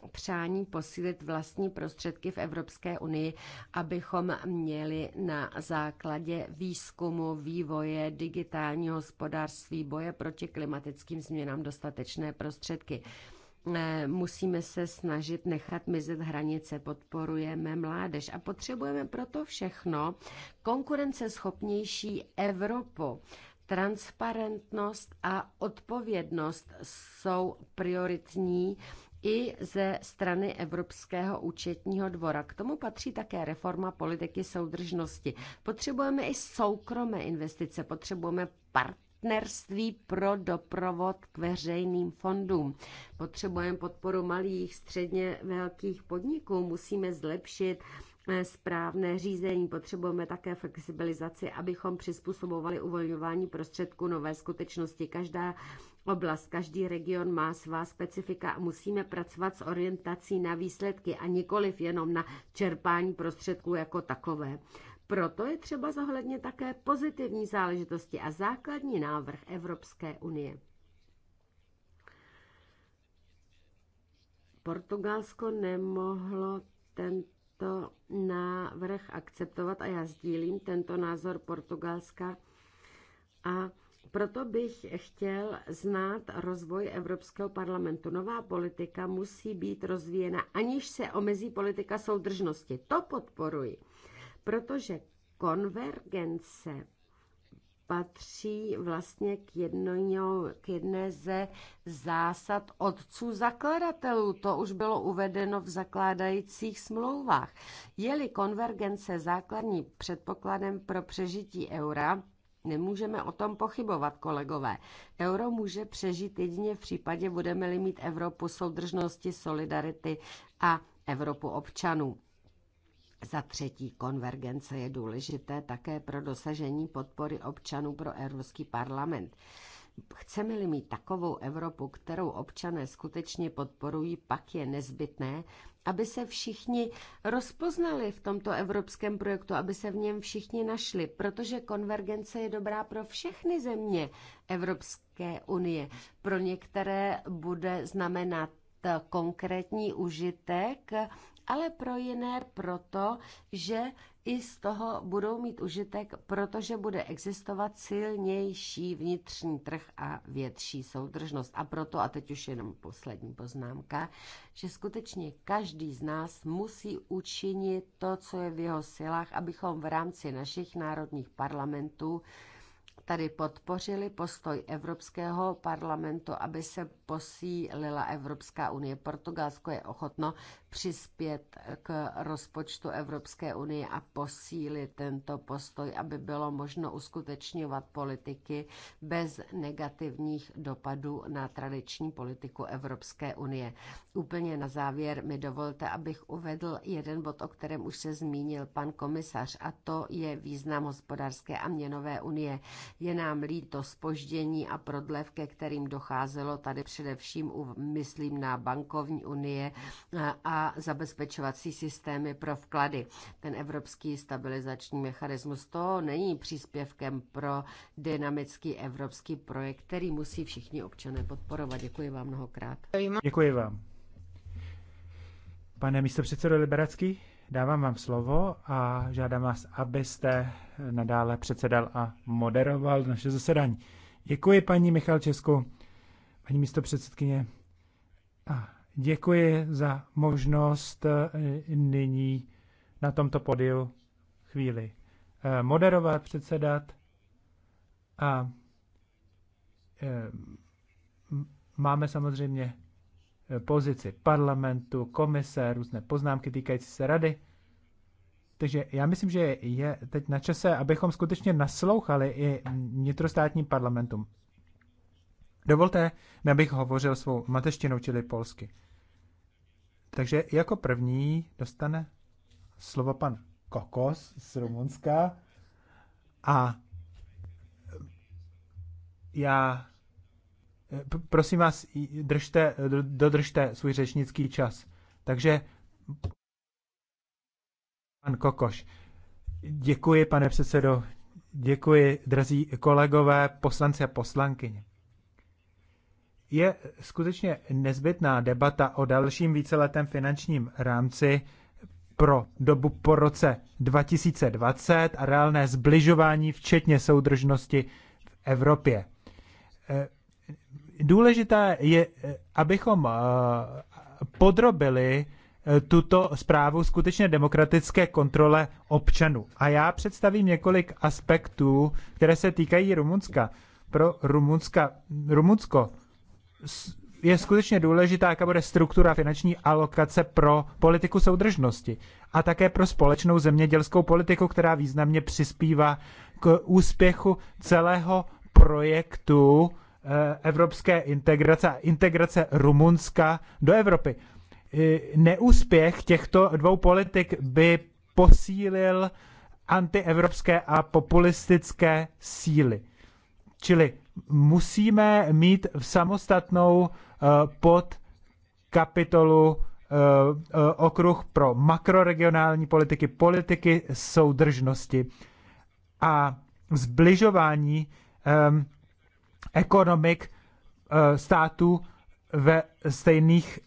přání posílit vlastní prostředky v Evropské unii, abychom měli na základě výzkumu, vývoje, digitálního hospodářství, boje proti klimatickým změnám dostatečné prostředky musíme se snažit nechat mizet hranice, podporujeme mládež a potřebujeme proto všechno konkurenceschopnější Evropu. Transparentnost a odpovědnost jsou prioritní i ze strany Evropského účetního dvora. K tomu patří také reforma politiky soudržnosti. Potřebujeme i soukromé investice, potřebujeme partnerství pro doprovod k veřejným fondům. Potřebujeme podporu malých, středně velkých podniků, musíme zlepšit eh, správné řízení. Potřebujeme také flexibilizaci, abychom přizpůsobovali uvolňování prostředků nové skutečnosti. Každá oblast. Každý region má svá specifika a musíme pracovat s orientací na výsledky a nikoliv jenom na čerpání prostředků jako takové. Proto je třeba zohlednit také pozitivní záležitosti a základní návrh Evropské unie. Portugalsko nemohlo tento návrh akceptovat a já sdílím tento názor Portugalska a proto bych chtěl znát rozvoj Evropského parlamentu. Nová politika musí být rozvíjena, aniž se omezí politika soudržnosti. To podporuji, protože konvergence patří vlastně k, jedno, k jedné ze zásad otců zakladatelů. To už bylo uvedeno v zakládajících smlouvách. Je-li konvergence základní předpokladem pro přežití eura, Nemůžeme o tom pochybovat, kolegové. Euro může přežít jedině v případě, budeme-li mít Evropu soudržnosti, solidarity a Evropu občanů. Za třetí, konvergence je důležité také pro dosažení podpory občanů pro Evropský parlament. Chceme-li mít takovou Evropu, kterou občané skutečně podporují, pak je nezbytné, aby se všichni rozpoznali v tomto evropském projektu, aby se v něm všichni našli, protože konvergence je dobrá pro všechny země Evropské unie. Pro některé bude znamenat konkrétní užitek, ale pro jiné proto, že i z toho budou mít užitek, protože bude existovat silnější vnitřní trh a větší soudržnost. A proto, a teď už jenom poslední poznámka, že skutečně každý z nás musí učinit to, co je v jeho silách, abychom v rámci našich národních parlamentů tady podpořili postoj Evropského parlamentu, aby se posílila Evropská unie. Portugalsko je ochotno přispět k rozpočtu Evropské unie a posílit tento postoj, aby bylo možno uskutečňovat politiky bez negativních dopadů na tradiční politiku Evropské unie. Úplně na závěr mi dovolte, abych uvedl jeden bod, o kterém už se zmínil pan komisař, a to je význam hospodářské a měnové unie. Je nám líto spoždění a prodlev, ke kterým docházelo tady při především myslím na bankovní unie a zabezpečovací systémy pro vklady. Ten evropský stabilizační mechanismus to není příspěvkem pro dynamický evropský projekt, který musí všichni občané podporovat. Děkuji vám mnohokrát. Děkuji vám. Pane místopředsedo Liberacký, dávám vám slovo a žádám vás, abyste nadále předsedal a moderoval naše zasedání. Děkuji paní Michal Česku paní místo předsedkyně. A děkuji za možnost e, nyní na tomto podiu chvíli e, moderovat, předsedat a e, máme samozřejmě pozici parlamentu, komise, různé poznámky týkající se rady. Takže já myslím, že je teď na čase, abychom skutečně naslouchali i vnitrostátním parlamentům. Dovolte, abych hovořil svou mateštinou, čili polsky. Takže jako první dostane slovo pan Kokos z Rumunska a já prosím vás, držte, dodržte svůj řečnický čas. Takže pan Kokoš, děkuji, pane předsedo, děkuji, drazí kolegové, poslanci a poslankyně je skutečně nezbytná debata o dalším víceletém finančním rámci pro dobu po roce 2020 a reálné zbližování, včetně soudržnosti v Evropě. Eh, Důležité je, eh, abychom eh, podrobili tuto zprávu skutečně demokratické kontrole občanů. A já představím několik aspektů, které se týkají Rumunska. Pro Rumunska, Rumunsko je skutečně důležitá, jaká bude struktura finanční alokace pro politiku soudržnosti a také pro společnou zemědělskou politiku, která významně přispívá k úspěchu celého projektu eh, evropské integrace a integrace Rumunska do Evropy. Eh, neúspěch těchto dvou politik by posílil antievropské a populistické síly. Čili musíme mít v samostatnou eh, pod kapitolu eh, eh, okruh pro makroregionální politiky, politiky soudržnosti a zbližování ehm, ekonomik států ve stejných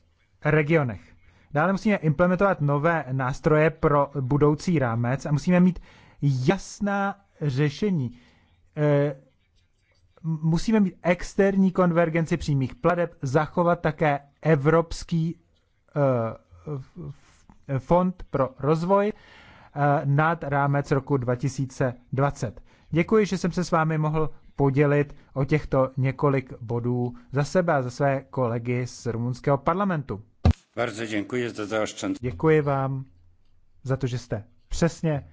regionech. Dále musíme implementovat nové nástroje pro budoucí rámec a musíme mít jasná řešení musíme mít externí konvergenci přímých pladeb, zachovat také Evropský eh, fond pro rozvoj eh, nad rámec roku 2020. Děkuji, že jsem se s vámi mohl podělit o těchto několik bodů za sebe a za své kolegy z rumunského parlamentu. Bardzo děkuji za zaoštěn. Děkuji vám za to, že jste přesně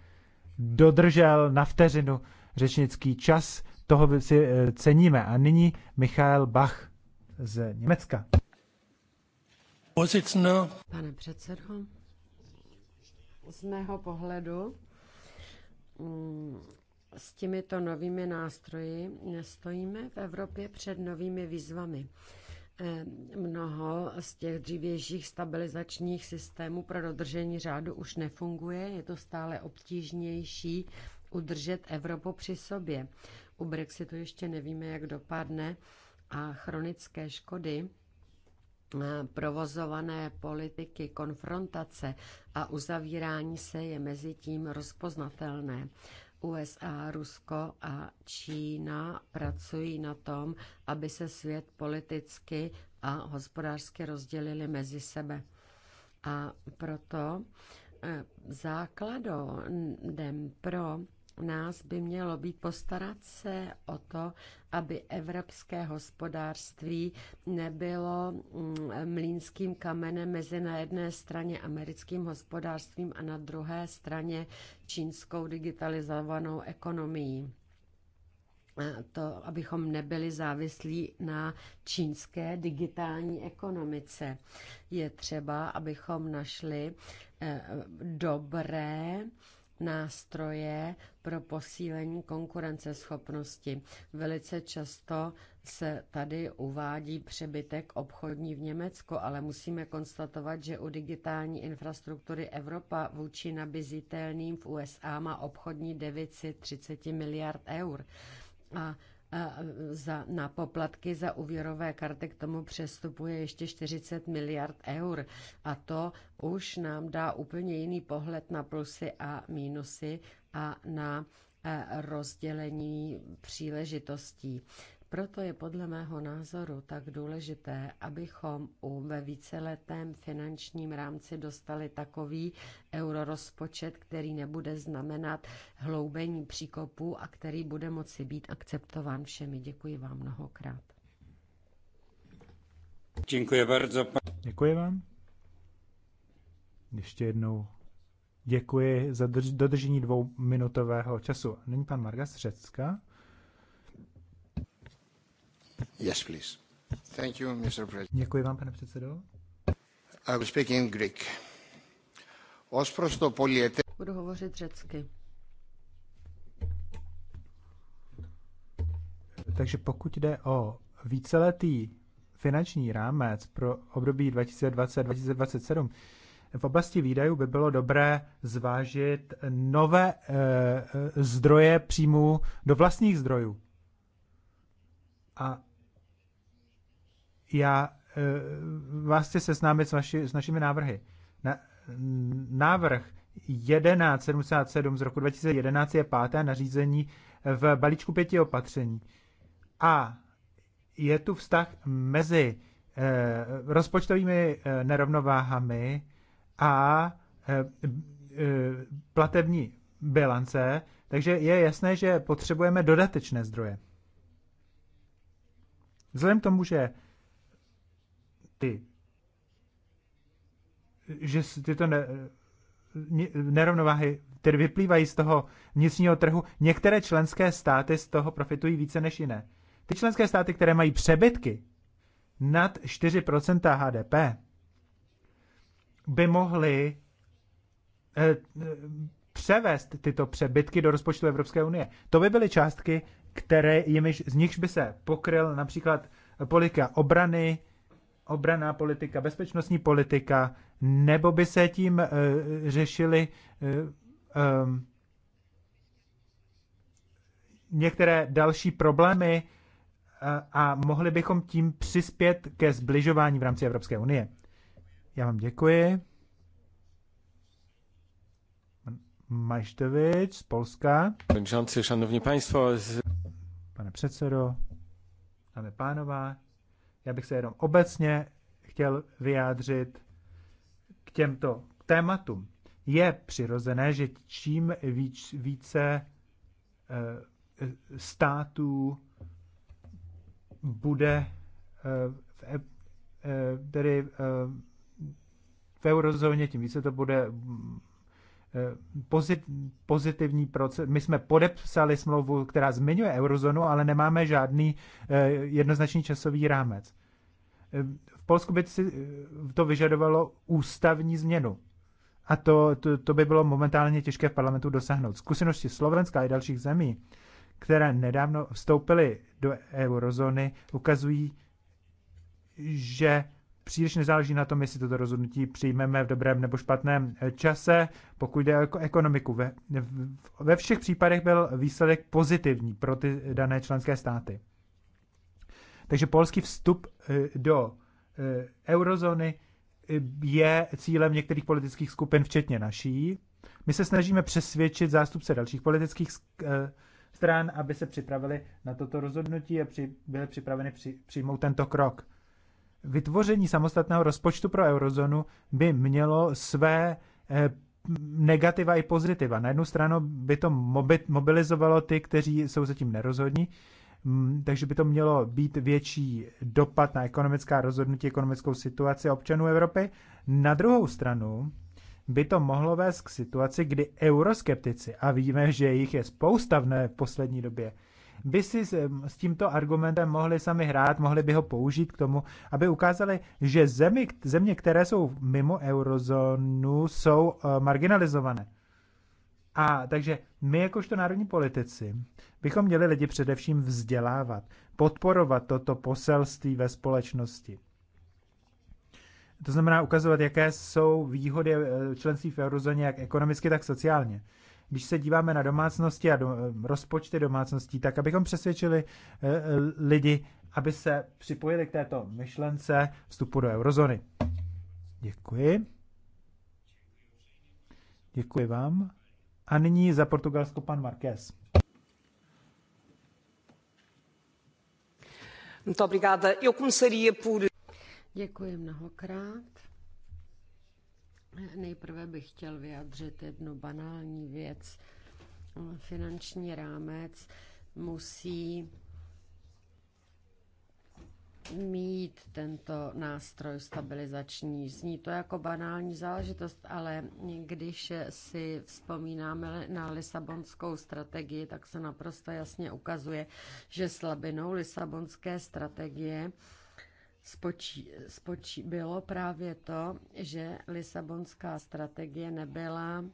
dodržel na vteřinu řečnický čas toho si eh, ceníme. A nyní Michael Bach z Německa. Pane předsedo, z mého pohledu mm, s těmito novými nástroji stojíme v Evropě před novými výzvami. Eh, mnoho z těch dřívějších stabilizačních systémů pro dodržení řádu už nefunguje, je to stále obtížnější udržet Evropu při sobě. U Brexitu ještě nevíme, jak dopadne a chronické škody eh, provozované politiky konfrontace a uzavírání se je mezi tím rozpoznatelné. USA, Rusko a Čína pracují na tom, aby se svět politicky a hospodářsky rozdělili mezi sebe. A proto eh, základem pro nás by mělo být postarat se o to, aby evropské hospodářství nebylo mm, mlínským kamenem mezi na jedné straně americkým hospodářstvím a na druhé straně čínskou digitalizovanou ekonomií to, abychom nebyli závislí na čínské digitální ekonomice. Je třeba, abychom našli eh, dobré nástroje pro posílení konkurenceschopnosti. Velice často se tady uvádí přebytek obchodní v Německu, ale musíme konstatovat, že u digitální infrastruktury Evropa vůči nabizitelným v USA má obchodní deficit 30 miliard eur. A za, na poplatky za úvěrové karty k tomu přestupuje ještě 40 miliard eur. A to už nám dá úplně jiný pohled na plusy a mínusy a na rozdělení příležitostí. Proto je podle mého názoru tak důležité, abychom u ve víceletém finančním rámci dostali takový eurorozpočet, který nebude znamenat hloubení příkopů a který bude moci být akceptován všemi. Děkuji vám mnohokrát. Děkuji bardzo. Děkuji vám. Ještě jednou děkuji za dodržení dvouminutového času. Není pan Marga Střecka. Yes, please. Thank you, Mr. President. Děkuji vám, pane předsedo. I will speak in Greek. Ως Budu hovořit řecky. Takže pokud jde o víceletý finanční rámec pro období 2020-2027, v oblasti výdajů by bylo dobré zvážit nové e, zdroje příjmů do vlastních zdrojů. A já eh, vás chci seznámit s, naši, s našimi návrhy. Na, návrh 1177 z roku 2011 je páté nařízení v balíčku pěti opatření. A je tu vztah mezi eh, rozpočtovými eh, nerovnováhami a eh, eh, platební bilance, takže je jasné, že potřebujeme dodatečné zdroje. Vzhledem k tomu, že eh, ty, že tyto ne, nerovnováhy které vyplývají z toho vnitřního trhu. Některé členské státy z toho profitují více než jiné. Ty členské státy, které mají přebytky nad 4% HDP, by mohly eh, eh, převést tyto přebytky do rozpočtu Evropské unie. To by byly částky, které jimiž, z nichž by se pokryl například politika obrany, obraná politika, bezpečnostní politika, nebo by se tím uh, řešily uh, um, některé další problémy uh, a mohli bychom tím přispět ke zbližování v rámci Evropské unie. Já vám děkuji. Majštevич z Polska. Pane předsedo, dámy pánová, já bych se jenom obecně chtěl vyjádřit k těmto tématům. Je přirozené, že čím víc, více eh, států bude eh, v, e- eh, tedy v eurozóně, tím více to bude pozitivní proces. My jsme podepsali smlouvu, která zmiňuje eurozonu, ale nemáme žádný eh, jednoznačný časový rámec. Eh, v Polsku by eh, to vyžadovalo ústavní změnu. A to, to, to by bylo momentálně těžké v parlamentu dosáhnout. Zkušenosti Slovenska i dalších zemí, které nedávno vstoupily do eurozóny, ukazují, že příliš nezáleží na tom, jestli toto rozhodnutí přijmeme v dobrém nebo špatném eh, čase. Pokud jde o ekonomiku, ve, ve všech případech byl výsledek pozitivní pro ty dané členské státy. Takže polský vstup eh, do eh, eurozóny je cílem některých politických skupin, včetně naší. My se snažíme přesvědčit zástupce dalších politických stran, aby se připravili na toto rozhodnutí a při, byli připraveni při, přijmout tento krok vytvoření samostatného rozpočtu pro eurozónu by mělo své eh, negativa i pozitiva. Na jednu stranu by to mobilizovalo ty, kteří jsou zatím nerozhodní, mm, takže by to mělo být větší dopad na ekonomická rozhodnutí, ekonomickou situaci občanů Evropy. Na druhou stranu by to mohlo vést k situaci, kdy euroskeptici, a víme, že jich je spousta v poslední době, by si s tímto argumentem mohli sami hrát, mohli by ho použít k tomu, aby ukázali, že zemi, země, které jsou mimo eurozónu, jsou eh, marginalizované. A takže my jakožto národní politici bychom měli lidi především vzdělávat, podporovat toto poselství ve společnosti. To znamená ukazovat, jaké jsou výhody eh, členství v eurozóně, jak ekonomicky, tak sociálně když se díváme na domácnosti a do, eh, rozpočty domácností, tak abychom přesvědčili eh, eh, lidi, aby se připojili k této myšlence vstupu do eurozóny. Děkuji. Děkuji vám. A nyní za Portugalsko pan Marquez. Děkuji mnohokrát. Nejprve bych chtěl vyjadřit jednu banální věc. Finanční rámec musí mít tento nástroj stabilizační. Zní to jako banální záležitost, ale když si vzpomínáme na Lisabonskou strategii, tak se naprosto jasně ukazuje, že slabinou Lisabonské strategie spočí, spočí, bylo právě to, že Lisabonská strategie nebyla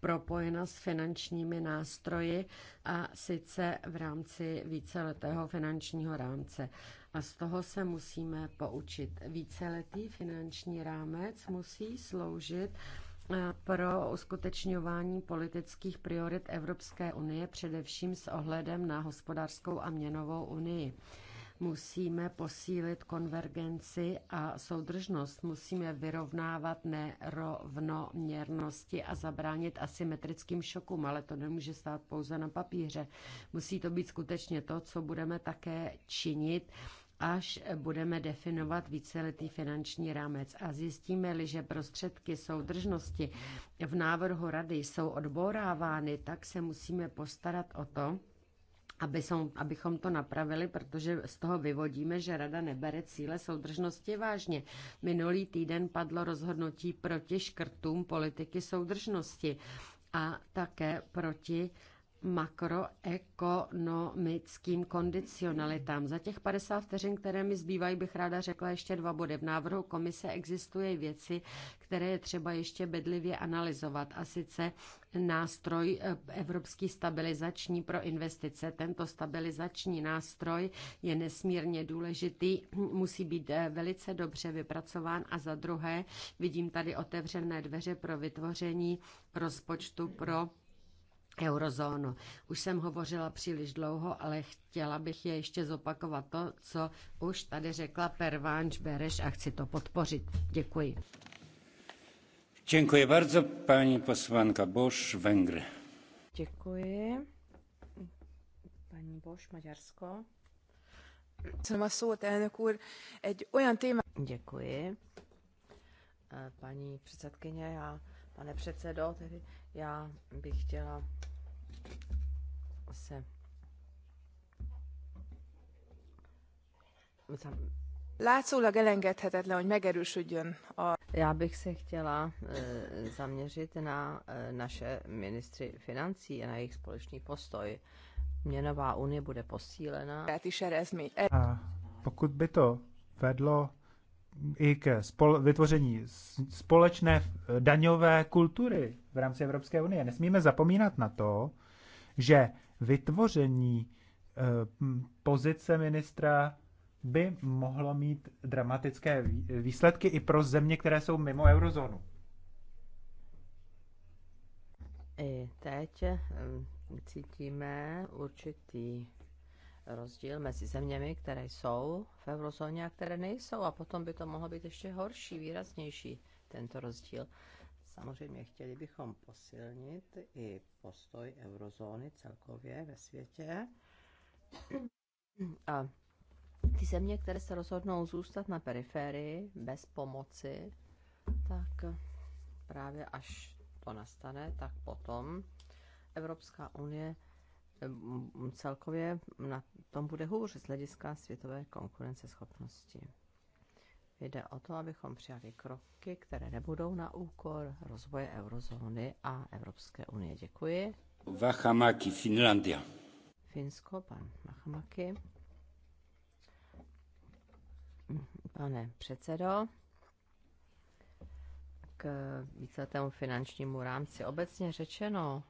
propojena s finančními nástroji a sice v rámci víceletého finančního rámce. A z toho se musíme poučit. Víceletý finanční rámec musí sloužit eh, pro uskutečňování politických priorit Evropské unie, především s ohledem na hospodářskou a měnovou unii. Musíme posílit konvergenci a soudržnost. Musíme vyrovnávat nerovnoměrnosti a zabránit asymetrickým šokům, ale to nemůže stát pouze na papíře. Musí to být skutečně to, co budeme také činit až budeme definovat víceletý finanční rámec a zjistíme-li, že prostředky soudržnosti v návrhu rady jsou odbourávány, tak se musíme postarat o to, aby som, abychom to napravili, protože z toho vyvodíme, že Rada nebere cíle soudržnosti vážně. Minulý týden padlo rozhodnutí proti škrtům politiky soudržnosti a také proti makroekonomickým kondicionalitám. Za těch 50 vteřin, které mi zbývají, bych ráda řekla ještě dva body. V návrhu komise existují věci, které je třeba ještě bedlivě analyzovat, a sice nástroj eh, Evropský stabilizační pro investice. Tento stabilizační nástroj je nesmírně důležitý, musí být eh, velice dobře vypracován a za druhé vidím tady otevřené dveře pro vytvoření rozpočtu pro eurozónu. Už jsem hovořila příliš dlouho, ale chtěla bych je ještě zopakovat to, co už tady řekla Pervánč Bereš a chci to podpořit. Děkuji. Děkuji bardzo, paní poslanka Boš, Vengr. Děkuji. Paní Boš, Maďarsko. Köszönöm a szót, elnök úr. Egy olyan téma... Děkuji. Paní předsedkyně, já Pane předsedo, tedy já bych chtěla se Látszólag elengedhetetlen, hogy megerősödjön a... Já bych se chtěla e, zaměřit na e, naše ministry financí a na jejich společný postoj. Měnová unie bude posílena. E- a pokud by to vedlo i k spol- vytvoření společné eh, daňové kultury v rámci Evropské unie. Nesmíme zapomínat na to, že vytvoření eh, pozice ministra by mohlo mít dramatické výsledky i pro země, které jsou mimo eurozónu. I teď hm, cítíme určitý rozdíl mezi zeměmi, které jsou v eurozóně a které nejsou. A potom by to mohlo být ještě horší, výraznější tento rozdíl. Samozřejmě chtěli bychom posilnit i postoj eurozóny celkově ve světě. A ty země, které se rozhodnou zůstat na periférii bez pomoci, tak právě až to nastane, tak potom Evropská unie celkově na tom bude hůř z hlediska světové konkurenceschopnosti. Jde o to, abychom přijali kroky, které nebudou na úkor rozvoje eurozóny a Evropské unie. Děkuji. Vachamaki, Finlandia. Finsko, pan Vachamaki. Pane předsedo, k víceletému finančnímu rámci obecně řečeno,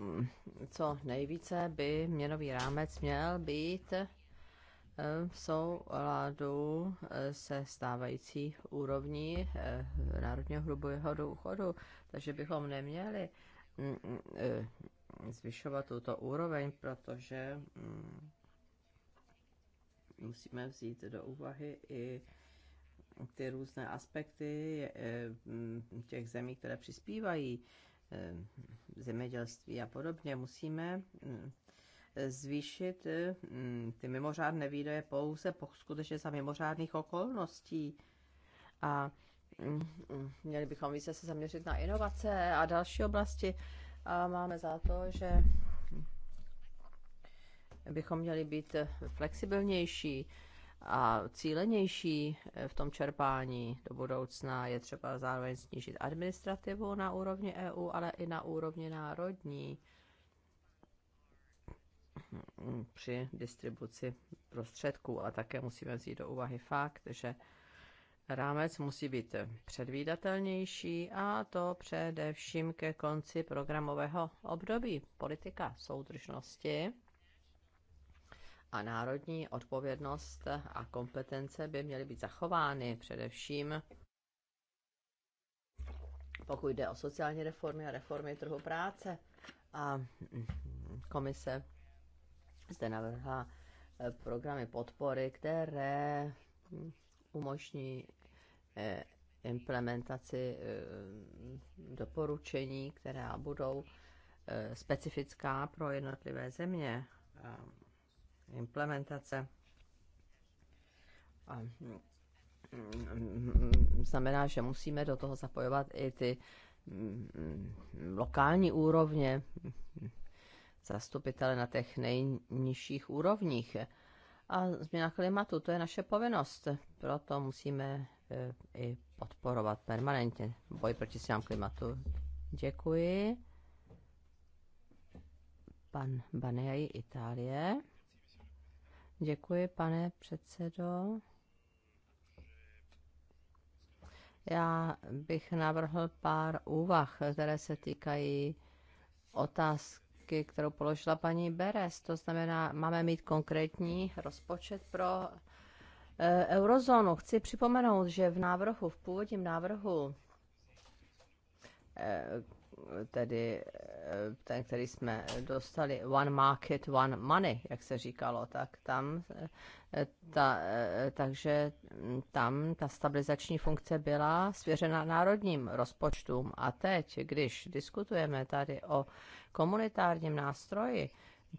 Mm, co nejvíce by měnový rámec měl být eh, v souladu eh, se stávající úrovní eh, národního hrubého důchodu, takže bychom neměli mm, mm, zvyšovat tuto úroveň, protože musíme vzít do úvahy i ty různé aspekty těch zemí, které přispívají Eh, zemědělství a podobně, musíme eh, zvýšit eh, ty mimořádné výdaje pouze po, skutečně za mimořádných okolností. A mm, mm, měli bychom více se zaměřit na inovace a další oblasti. A máme za to, že bychom měli být flexibilnější, a cílenější eh, v tom čerpání do budoucna. Je třeba zároveň snížit administrativu na úrovni EU, ale i na úrovni národní při distribuci prostředků, ale také musíme vzít do úvahy fakt, že rámec musí být předvídatelnější a to především ke konci programového období politika soudržnosti a národní odpovědnost a kompetence by měly být zachovány především pokud jde o sociální reformy a reformy trhu práce. A komise zde navrhla eh, programy podpory, které umožní eh, implementaci eh, doporučení, která budou specifická pro jednotlivé země implementace. A mm, znamená, že musíme do toho zapojovat i ty mm, lokální úrovně, zastupitele na těch nejnižších úrovních. A změna klimatu, to je naše povinnost. Proto musíme e, i podporovat permanentně boj proti změnám klimatu. Děkuji. Pan Banej, Itálie. Děkuji, pane předsedo. Já bych navrhl pár úvah, které se týkají otázky, kterou položila paní Beres. To znamená, máme mít konkrétní rozpočet pro e, eurozónu. Chci připomenout, že v návrhu, v původním návrhu, e, tedy Eh, ten, který jsme dostali, One Market, One Money, jak se říkalo, tak tam, eh, ta, eh, takže tam ta stabilizační funkce byla svěřena národním rozpočtům. A teď, když diskutujeme tady o komunitárním nástroji,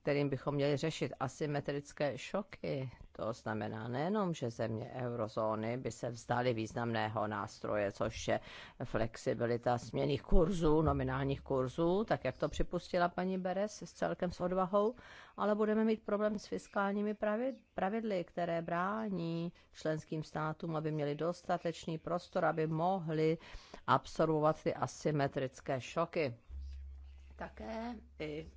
kterým bychom měli řešit asymetrické šoky, to znamená nejenom, že země eurozóny by se vzdaly významného nástroje, což je flexibilita směných kurzů, nominálních kurzů, tak jak to připustila paní Beres s celkem s odvahou, ale budeme mít problém s fiskálními pravidly, které brání členským státům, aby měli dostatečný prostor, aby mohli absorbovat ty asymetrické šoky také i,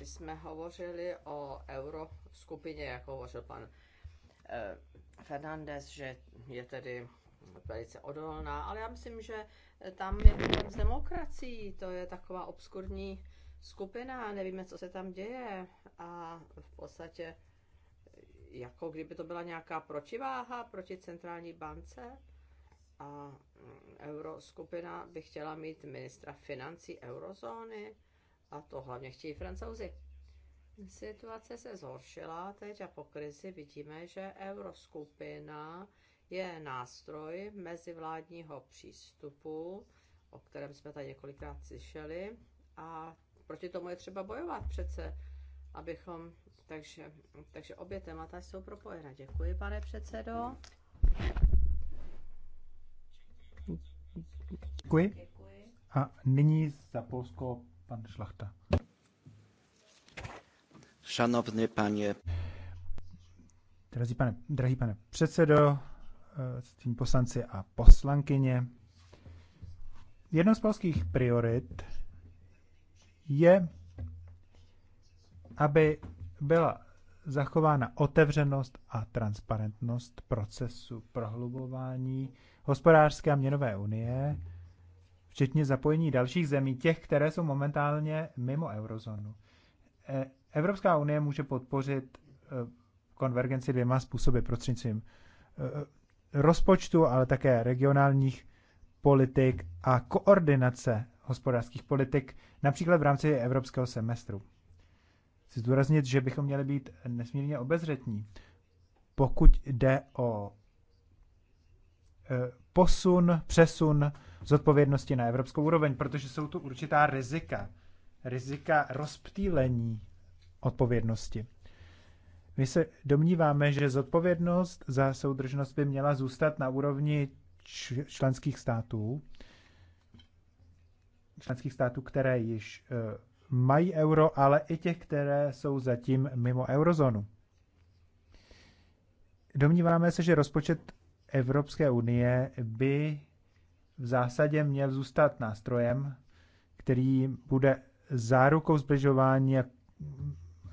jsme hovořili o euroskupině, jak hovořil pan eh, Fernandez, že je tedy velice odolná, ale já myslím, že tam je problém s demokracií, to je taková obskurní skupina, nevíme, co se tam děje a v podstatě jako kdyby to byla nějaká protiváha proti centrální bance a mm, euroskupina by chtěla mít ministra financí eurozóny a to hlavně chtějí francouzi. Situace se zhoršila teď a po krizi vidíme, že euroskupina je nástroj mezivládního přístupu, o kterém jsme tady několikrát slyšeli a proti tomu je třeba bojovat přece, abychom, takže, takže obě témata jsou propojena. Děkuji, pane předsedo. Děkuji. A nyní za Polsko pan Šlachta. Šanovný paně. Drazí pane, drahý pane předsedo, tím poslanci a poslankyně. Jednou z polských priorit je, aby byla zachována otevřenost a transparentnost procesu prohlubování hospodářské a měnové unie, včetně zapojení dalších zemí, těch, které jsou momentálně mimo eurozónu. E, Evropská unie může podpořit e, konvergenci dvěma způsoby, prostřednictvím e, rozpočtu, ale také regionálních politik a koordinace hospodářských politik, například v rámci evropského semestru. Chci zdůraznit, že bychom měli být nesmírně obezřetní, pokud jde o Eh, posun, přesun zodpovědnosti na evropskou úroveň, protože jsou tu určitá rizika. Rizika rozptýlení odpovědnosti. My se domníváme, že zodpovědnost za soudržnost by měla zůstat na úrovni členských států, členských států, které již eh, mají euro, ale i těch, které jsou zatím mimo eurozónu. Domníváme se, že rozpočet Evropské unie by v zásadě měl zůstat nástrojem, který bude zárukou zbližování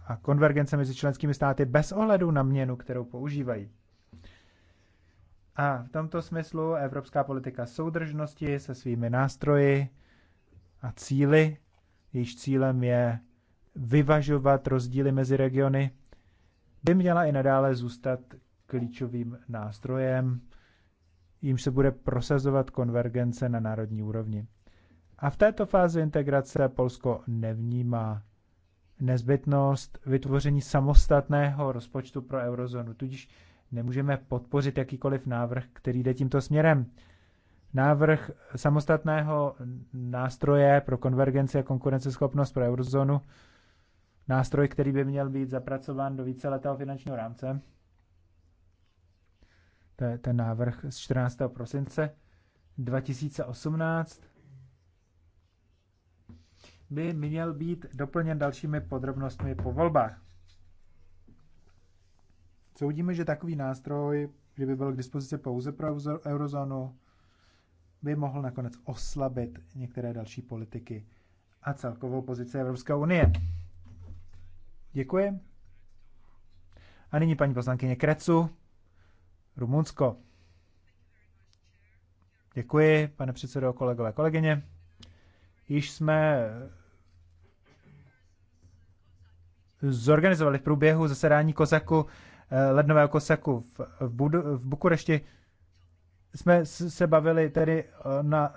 a konvergence mezi členskými státy bez ohledu na měnu, kterou používají. A v tomto smyslu evropská politika soudržnosti se svými nástroji a cíly, jejíž cílem je vyvažovat rozdíly mezi regiony, by měla i nadále zůstat klíčovým nástrojem, jimž se bude prosazovat konvergence na národní úrovni. A v této fázi integrace Polsko nevnímá nezbytnost vytvoření samostatného rozpočtu pro eurozónu, tudíž nemůžeme podpořit jakýkoliv návrh, který jde tímto směrem. Návrh samostatného nástroje pro konvergenci a konkurenceschopnost pro eurozónu, nástroj, který by měl být zapracován do víceletého finančního rámce, te, ten návrh z 14. prosince 2018 by měl být doplněn dalšími podrobnostmi po volbách. Soudíme, že takový nástroj, kdyby byl k dispozici pouze pro eurozónu, by mohl nakonec oslabit některé další politiky a celkovou pozici Evropské unie. Děkuji. A nyní paní poslankyně Krecu. Rumunsko. Děkuji, pane předsedo, kolegové, kolegyně. Již jsme zorganizovali v průběhu zasedání Kosaku, eh, lednového Kosaku v, v, Budu, v Bukurešti. Jsme se bavili tedy eh, na,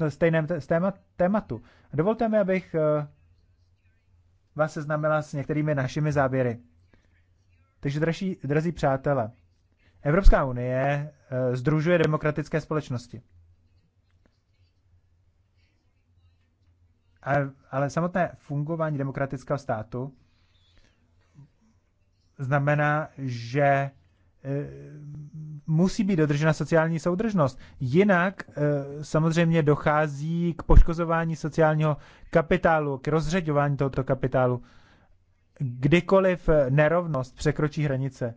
na stejném téma, tématu. Dovolte mi, abych eh, vás seznámila s některými našimi záběry. Takže, draží, drazí přátelé, Evropská unie združuje eh, demokratické společnosti. Ale samotné fungování demokratického státu znamená, že eh, musí být dodržena sociální soudržnost. Jinak eh, samozřejmě dochází k poškozování sociálního kapitálu, k rozřeďování tohoto kapitálu. Kdykoliv nerovnost překročí hranice,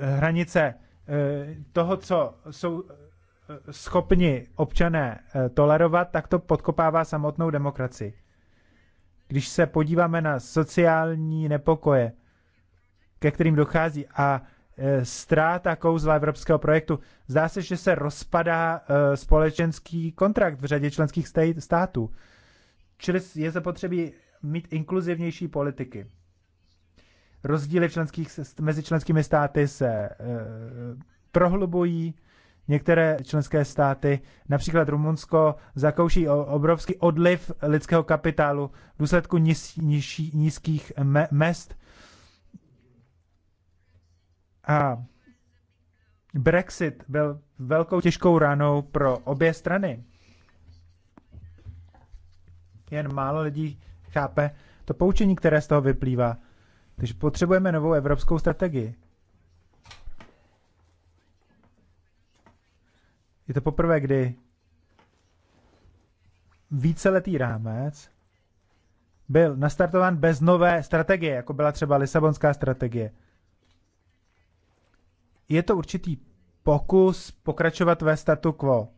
hranice eh, toho, co jsou eh, schopni občané eh, tolerovat, tak to podkopává samotnou demokracii. Když se podíváme na sociální nepokoje, ke kterým dochází a ztráta kouzla evropského projektu, zdá se, že se rozpadá společenský kontrakt v řadě členských států. Čili je zapotřebí mít inkluzivnější politiky rozdíly členských, mezi členskými státy se e, prohlubují. Některé členské státy, například Rumunsko, zakouší obrovský odliv lidského kapitálu v důsledku niz, niž, nízkých me, mest. A Brexit byl velkou těžkou ranou pro obě strany. Jen málo lidí chápe to poučení, které z toho vyplývá takže potřebujeme novou evropskou strategii. Je to poprvé, kdy víceletý rámec byl nastartován bez nové strategie, jako byla třeba Lisabonská strategie. Je to určitý pokus pokračovat ve statu quo,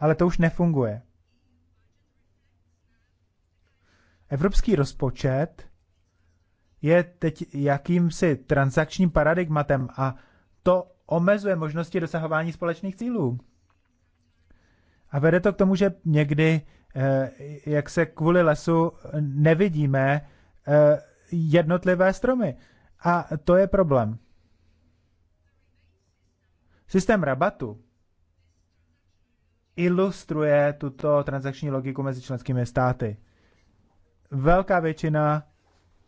ale to už nefunguje. Evropský rozpočet je teď jakýmsi transakčním paradigmatem a to omezuje možnosti dosahování společných cílů. A vede to k tomu, že někdy, eh, jak se kvůli lesu nevidíme eh, jednotlivé stromy. A to je problém. Systém rabatu ilustruje tuto transakční logiku mezi členskými státy. Velká většina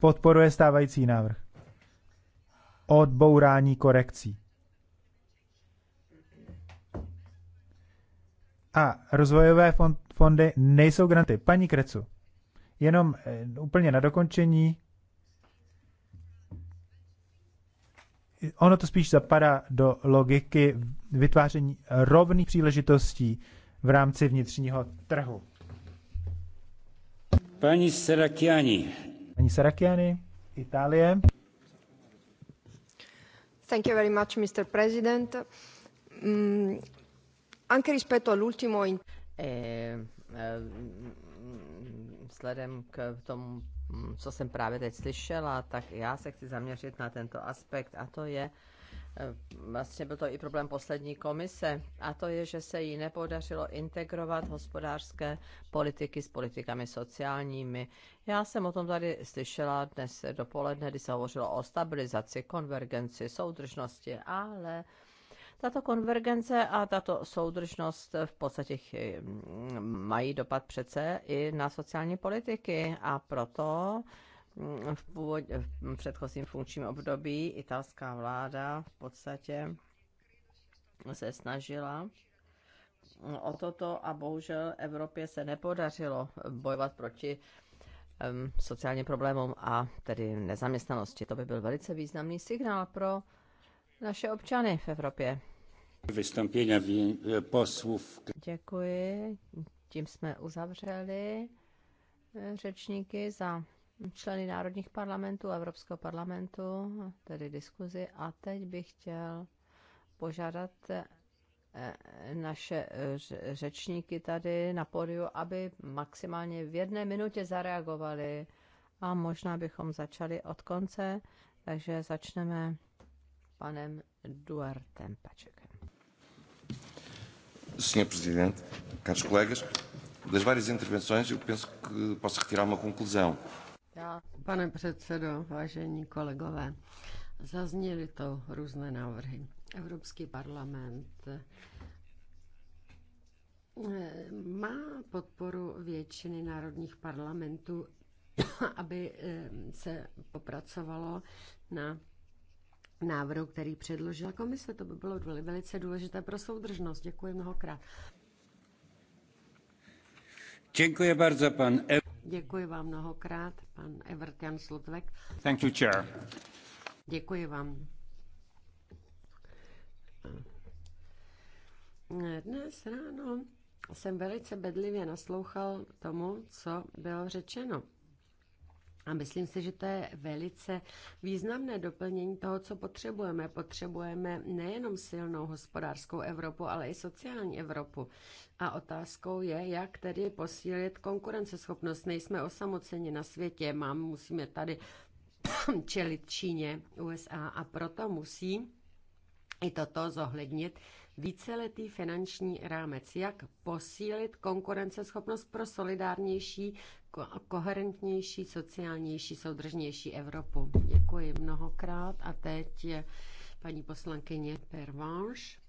podporuje stávající návrh. Odbourání korekcí. A rozvojové fondy nejsou granty. Paní Krecu, jenom eh, úplně na dokončení. Ono to spíš zapadá do logiky vytváření rovných příležitostí v rámci vnitřního trhu. Paní Serakiani, Paní Sarakiany, Itálie. Thank you very much, Mr. President. Mm, anche rispetto all'ultimo... In... Eh, vzhledem k tomu, mm, co jsem právě teď slyšela, tak já se chci zaměřit na tento aspekt a to je Eh, vlastně byl to i problém poslední komise, a to je, že se jí nepodařilo integrovat hospodářské politiky s politikami sociálními. Já jsem o tom tady slyšela dnes dopoledne, kdy se hovořilo o stabilizaci, konvergenci, soudržnosti, ale tato konvergence a tato soudržnost v podstatě mají dopad přece i na sociální politiky a proto v, původ, v předchozím funkčním období italská vláda v podstatě se snažila o toto a bohužel Evropě se nepodařilo bojovat proti um, sociálním problémům a tedy nezaměstnanosti. To by byl velice významný signál pro naše občany v Evropě. Děkuji. Tím jsme uzavřeli eh, řečníky za členy národních parlamentů Evropského parlamentu, tedy diskuzi. A teď bych chtěl požádat eh, naše eh, řečníky tady na pódiu, aby maximálně v jedné minutě zareagovali a možná bychom začali od konce, takže začneme panem Duartem Pačekem. Senhor Presidente, caros colegas, das várias intervenções eu penso que posso retirar uma conclusão. Já, pane předsedo, vážení kolegové, zazněly to různé návrhy. Evropský parlament eh, má podporu většiny národních parlamentů, aby eh, se popracovalo na návrhu, který předložila komise. To by bylo velice důležité pro soudržnost. Děkuji mnohokrát. Děkuji bardzo, pan Děkuji vám mnohokrát, pan Jan Slutvek. Thank you, chair. Děkuji vám. Dnes ráno jsem velice bedlivě naslouchal tomu, co bylo řečeno. A myslím si, že to je velice významné doplnění toho, co potřebujeme. Potřebujeme nejenom silnou hospodářskou Evropu, ale i sociální Evropu. A otázkou je, jak tedy posílit konkurenceschopnost. Nejsme osamoceni na světě, mám, musíme tady čelit Číně, USA a proto musí i toto zohlednit víceletý finanční rámec, jak posílit konkurenceschopnost pro solidárnější koherentnější, sociálnější, soudržnější Evropu. Děkuji mnohokrát a teď je paní poslankyně Pervanš.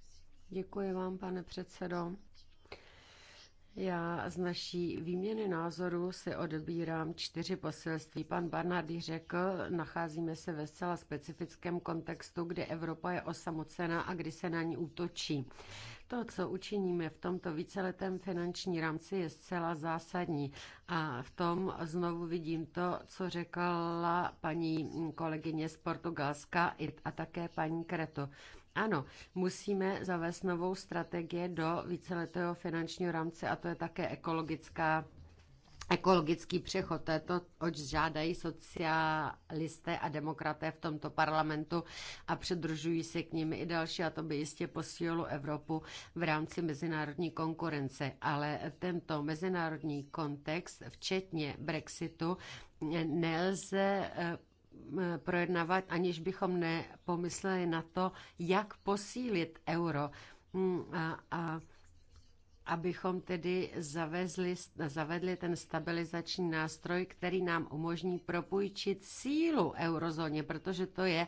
Děkuji vám, pane předsedo. Já z naší výměny názoru se odbírám čtyři poselství. Pan Barnardy řekl, nacházíme se ve zcela specifickém kontextu, kde Evropa je osamocena a kdy se na ní útočí. To, co učiníme v tomto víceletém finanční rámci, je zcela zásadní. A v tom znovu vidím to, co řekla paní kolegyně z Portugalska a také paní Kreto. Ano, musíme zavést novou strategii do víceletého finančního rámce a to je také ekologická ekologický přechod. To je to, oč žádají socialisté a demokraté v tomto parlamentu a předružují se k nimi i další a to by jistě posílilo Evropu v rámci mezinárodní konkurence. Ale tento mezinárodní kontext, včetně Brexitu, nelze eh, Eh, projednávat, aniž bychom nepomysleli na to, jak posílit euro. Mm, a, a abychom tedy zavezli, zavedli ten stabilizační nástroj, který nám umožní propůjčit sílu eurozóně, protože to je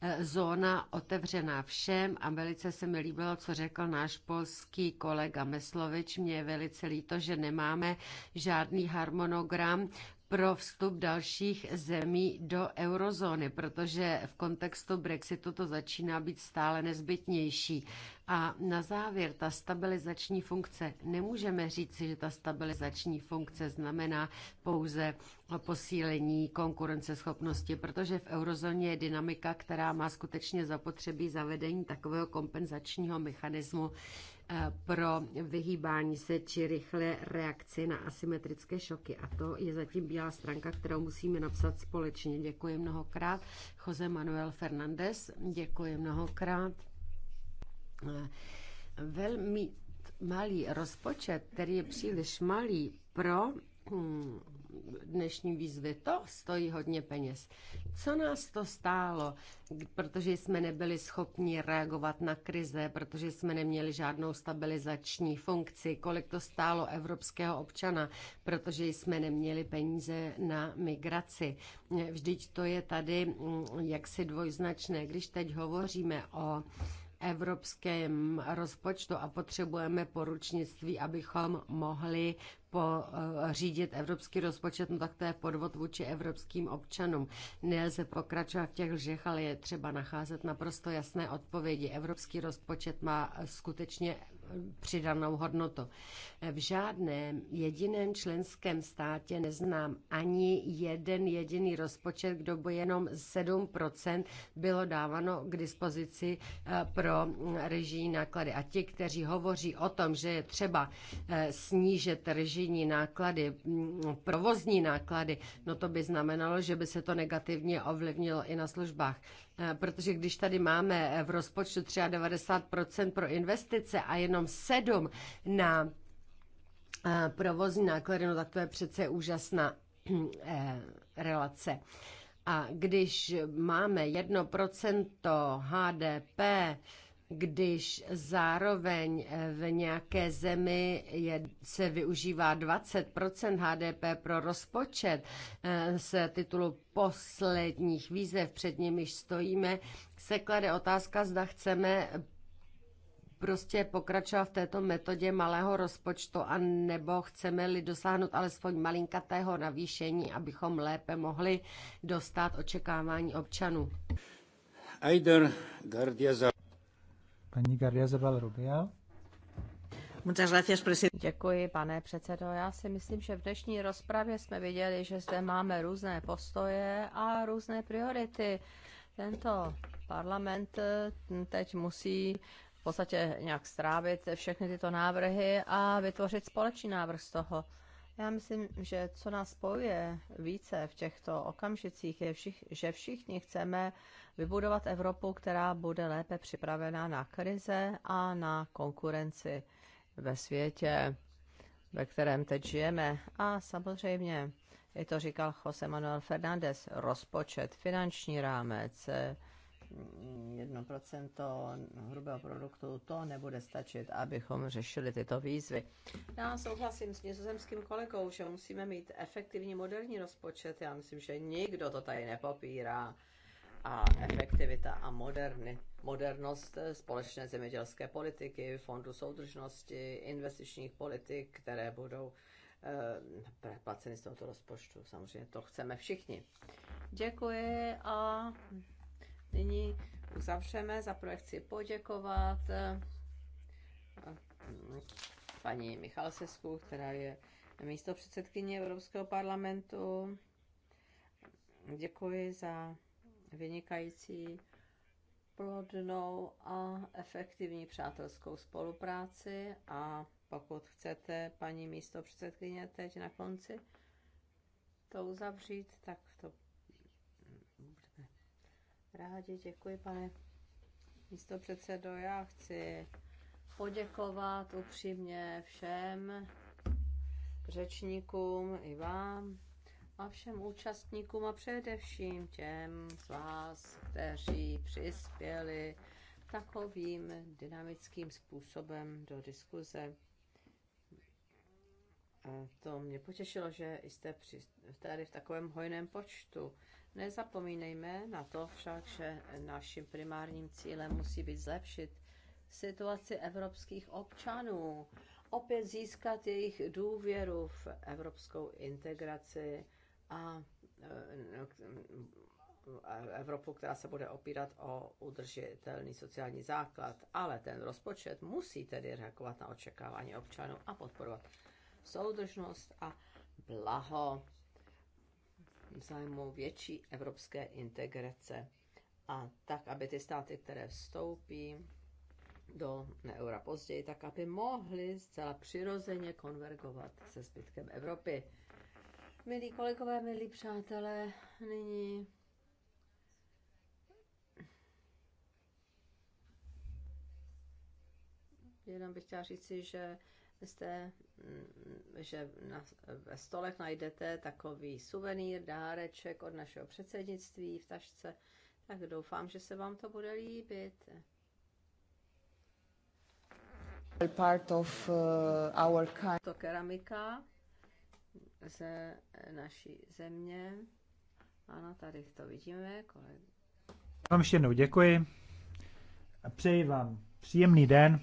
eh, zóna otevřená všem a velice se mi líbilo, co řekl náš polský kolega Meslovič. Mně je velice líto, že nemáme žádný harmonogram pro vstup dalších zemí do eurozóny, protože v kontextu Brexitu to začíná být stále nezbytnější. A na závěr, ta stabilizační funkce, nemůžeme říci, že ta stabilizační funkce znamená pouze posílení konkurenceschopnosti, protože v eurozóně je dynamika, která má skutečně zapotřebí zavedení takového kompenzačního mechanismu, Eh, pro vyhýbání se či rychlé reakci na asymetrické šoky. A to je zatím bílá stránka, kterou musíme napsat společně. Děkuji mnohokrát. Jose Manuel Fernandez, děkuji mnohokrát. Eh, velmi malý rozpočet, který je příliš malý pro hm, dnešní výzvy. To stojí hodně peněz. Co nás to stálo? Protože jsme nebyli schopni reagovat na krize, protože jsme neměli žádnou stabilizační funkci. Kolik to stálo evropského občana? Protože jsme neměli peníze na migraci. Vždyť to je tady mm, jaksi dvojznačné. Když teď hovoříme o evropském rozpočtu a potřebujeme poručnictví, abychom mohli pořídit evropský rozpočet, no tak to je podvod vůči evropským občanům. Nelze pokračovat v těch lžech, ale je třeba nacházet naprosto jasné odpovědi. Evropský rozpočet má skutečně přidanou hodnotu. V žádném jediném členském státě neznám ani jeden jediný rozpočet, kdo by jenom 7% bylo dávano k dispozici eh, pro režijní náklady. A ti, kteří hovoří o tom, že je třeba eh, snížit režijní náklady, mm, provozní náklady, no to by znamenalo, že by se to negativně ovlivnilo i na službách. Eh, protože když tady máme eh, v rozpočtu 93% pro investice a jenom 7 na eh, provozní náklady, no tak to je přece úžasná relace. A když máme 1% HDP, když zároveň v nějaké zemi je, se využívá 20 HDP pro rozpočet eh, z titulu posledních výzev, před nimiž stojíme, se klade otázka, zda chceme prostě pokračovat v této metodě malého rozpočtu a nebo chceme-li dosáhnout alespoň malinkatého navýšení, abychom lépe mohli dostat očekávání občanů. Aider Gardia Paní Gardia Zabal Rubial. Děkuji, pane předsedo. Já si myslím, že v dnešní rozpravě jsme viděli, že zde máme různé postoje a různé priority. Tento parlament eh, teď musí v podstatě nějak strávit všechny tyto návrhy a vytvořit společný návrh z toho. Já myslím, že co nás spojuje více v těchto okamžicích, je, všich, že všichni chceme uh, vybudovat Evropu, která bude lépe připravená na krize a na konkurenci ve světě, ve kterém teď žijeme. A samozřejmě, i to říkal Jose Manuel Fernández, rozpočet, finanční rámec, 1% hrubého produktu, to nebude stačit, abychom řešili tyto výzvy. Já souhlasím s nizozemským kolegou, že musíme mít efektivní moderní rozpočet. Já myslím, že nikdo to tady nepopírá a efektivita a moderny, modernost eh, společné zemědělské politiky, fondu soudržnosti, investičních politik, které budou eh, placeny z tohoto rozpočtu. Samozřejmě to chceme všichni. Děkuji a nyní uzavřeme. Za prvé chci poděkovat eh, paní Michalsesku, která je místo předsedkyně Evropského parlamentu. Děkuji za vynikající, plodnou a efektivní přátelskou spolupráci a pokud chcete, paní místo předsedkyně, teď na konci to uzavřít, tak to budeme rádi. Děkuji, pane místo předsedo. Já chci poděkovat upřímně všem řečníkům i vám a všem účastníkům a především těm z vás, kteří přispěli takovým dynamickým způsobem do diskuze. A to mě potěšilo, že jste při, tady v takovém hojném počtu. Nezapomínejme na to však, že naším primárním cílem musí být zlepšit situaci evropských občanů, opět získat jejich důvěru v evropskou integraci E, no, a Evropu, která se bude opírat o udržitelný sociální základ, ale ten rozpočet musí tedy reagovat na očekávání občanů a podporovat soudržnost a blaho v zájmu větší evropské integrace. A tak, aby ty státy, které vstoupí do eura později, tak aby mohly zcela přirozeně konvergovat se zbytkem Evropy. Milí kolegové, milí přátelé, nyní jenom bych chtěla říci, že jste, mm, že na, ve stolech najdete takový suvenýr, dáreček od našeho předsednictví v tašce, tak doufám, že se vám to bude líbit. Part of, uh, our kind. To keramika ze naší země. Ano, tady to vidíme. Kolega. Vám ještě jednou děkuji a přeji vám příjemný den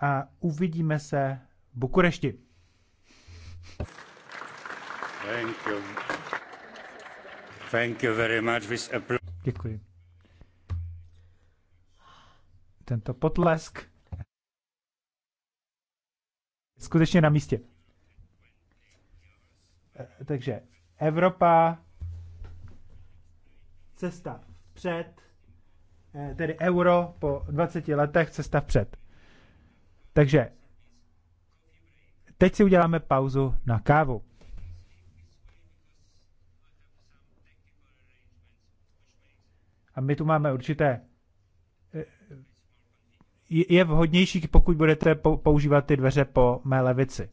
a uvidíme se v Bukurešti. Thank you. Thank you very much. With Děkuji. Tento potlesk skutečně na místě. Eh, takže Evropa, cesta vpřed, eh, tedy euro po 20 letech, cesta vpřed. Takže teď si uděláme pauzu na kávu. A my tu máme určité eh, je vhodnější, pokud budete používat ty dveře po mé levici.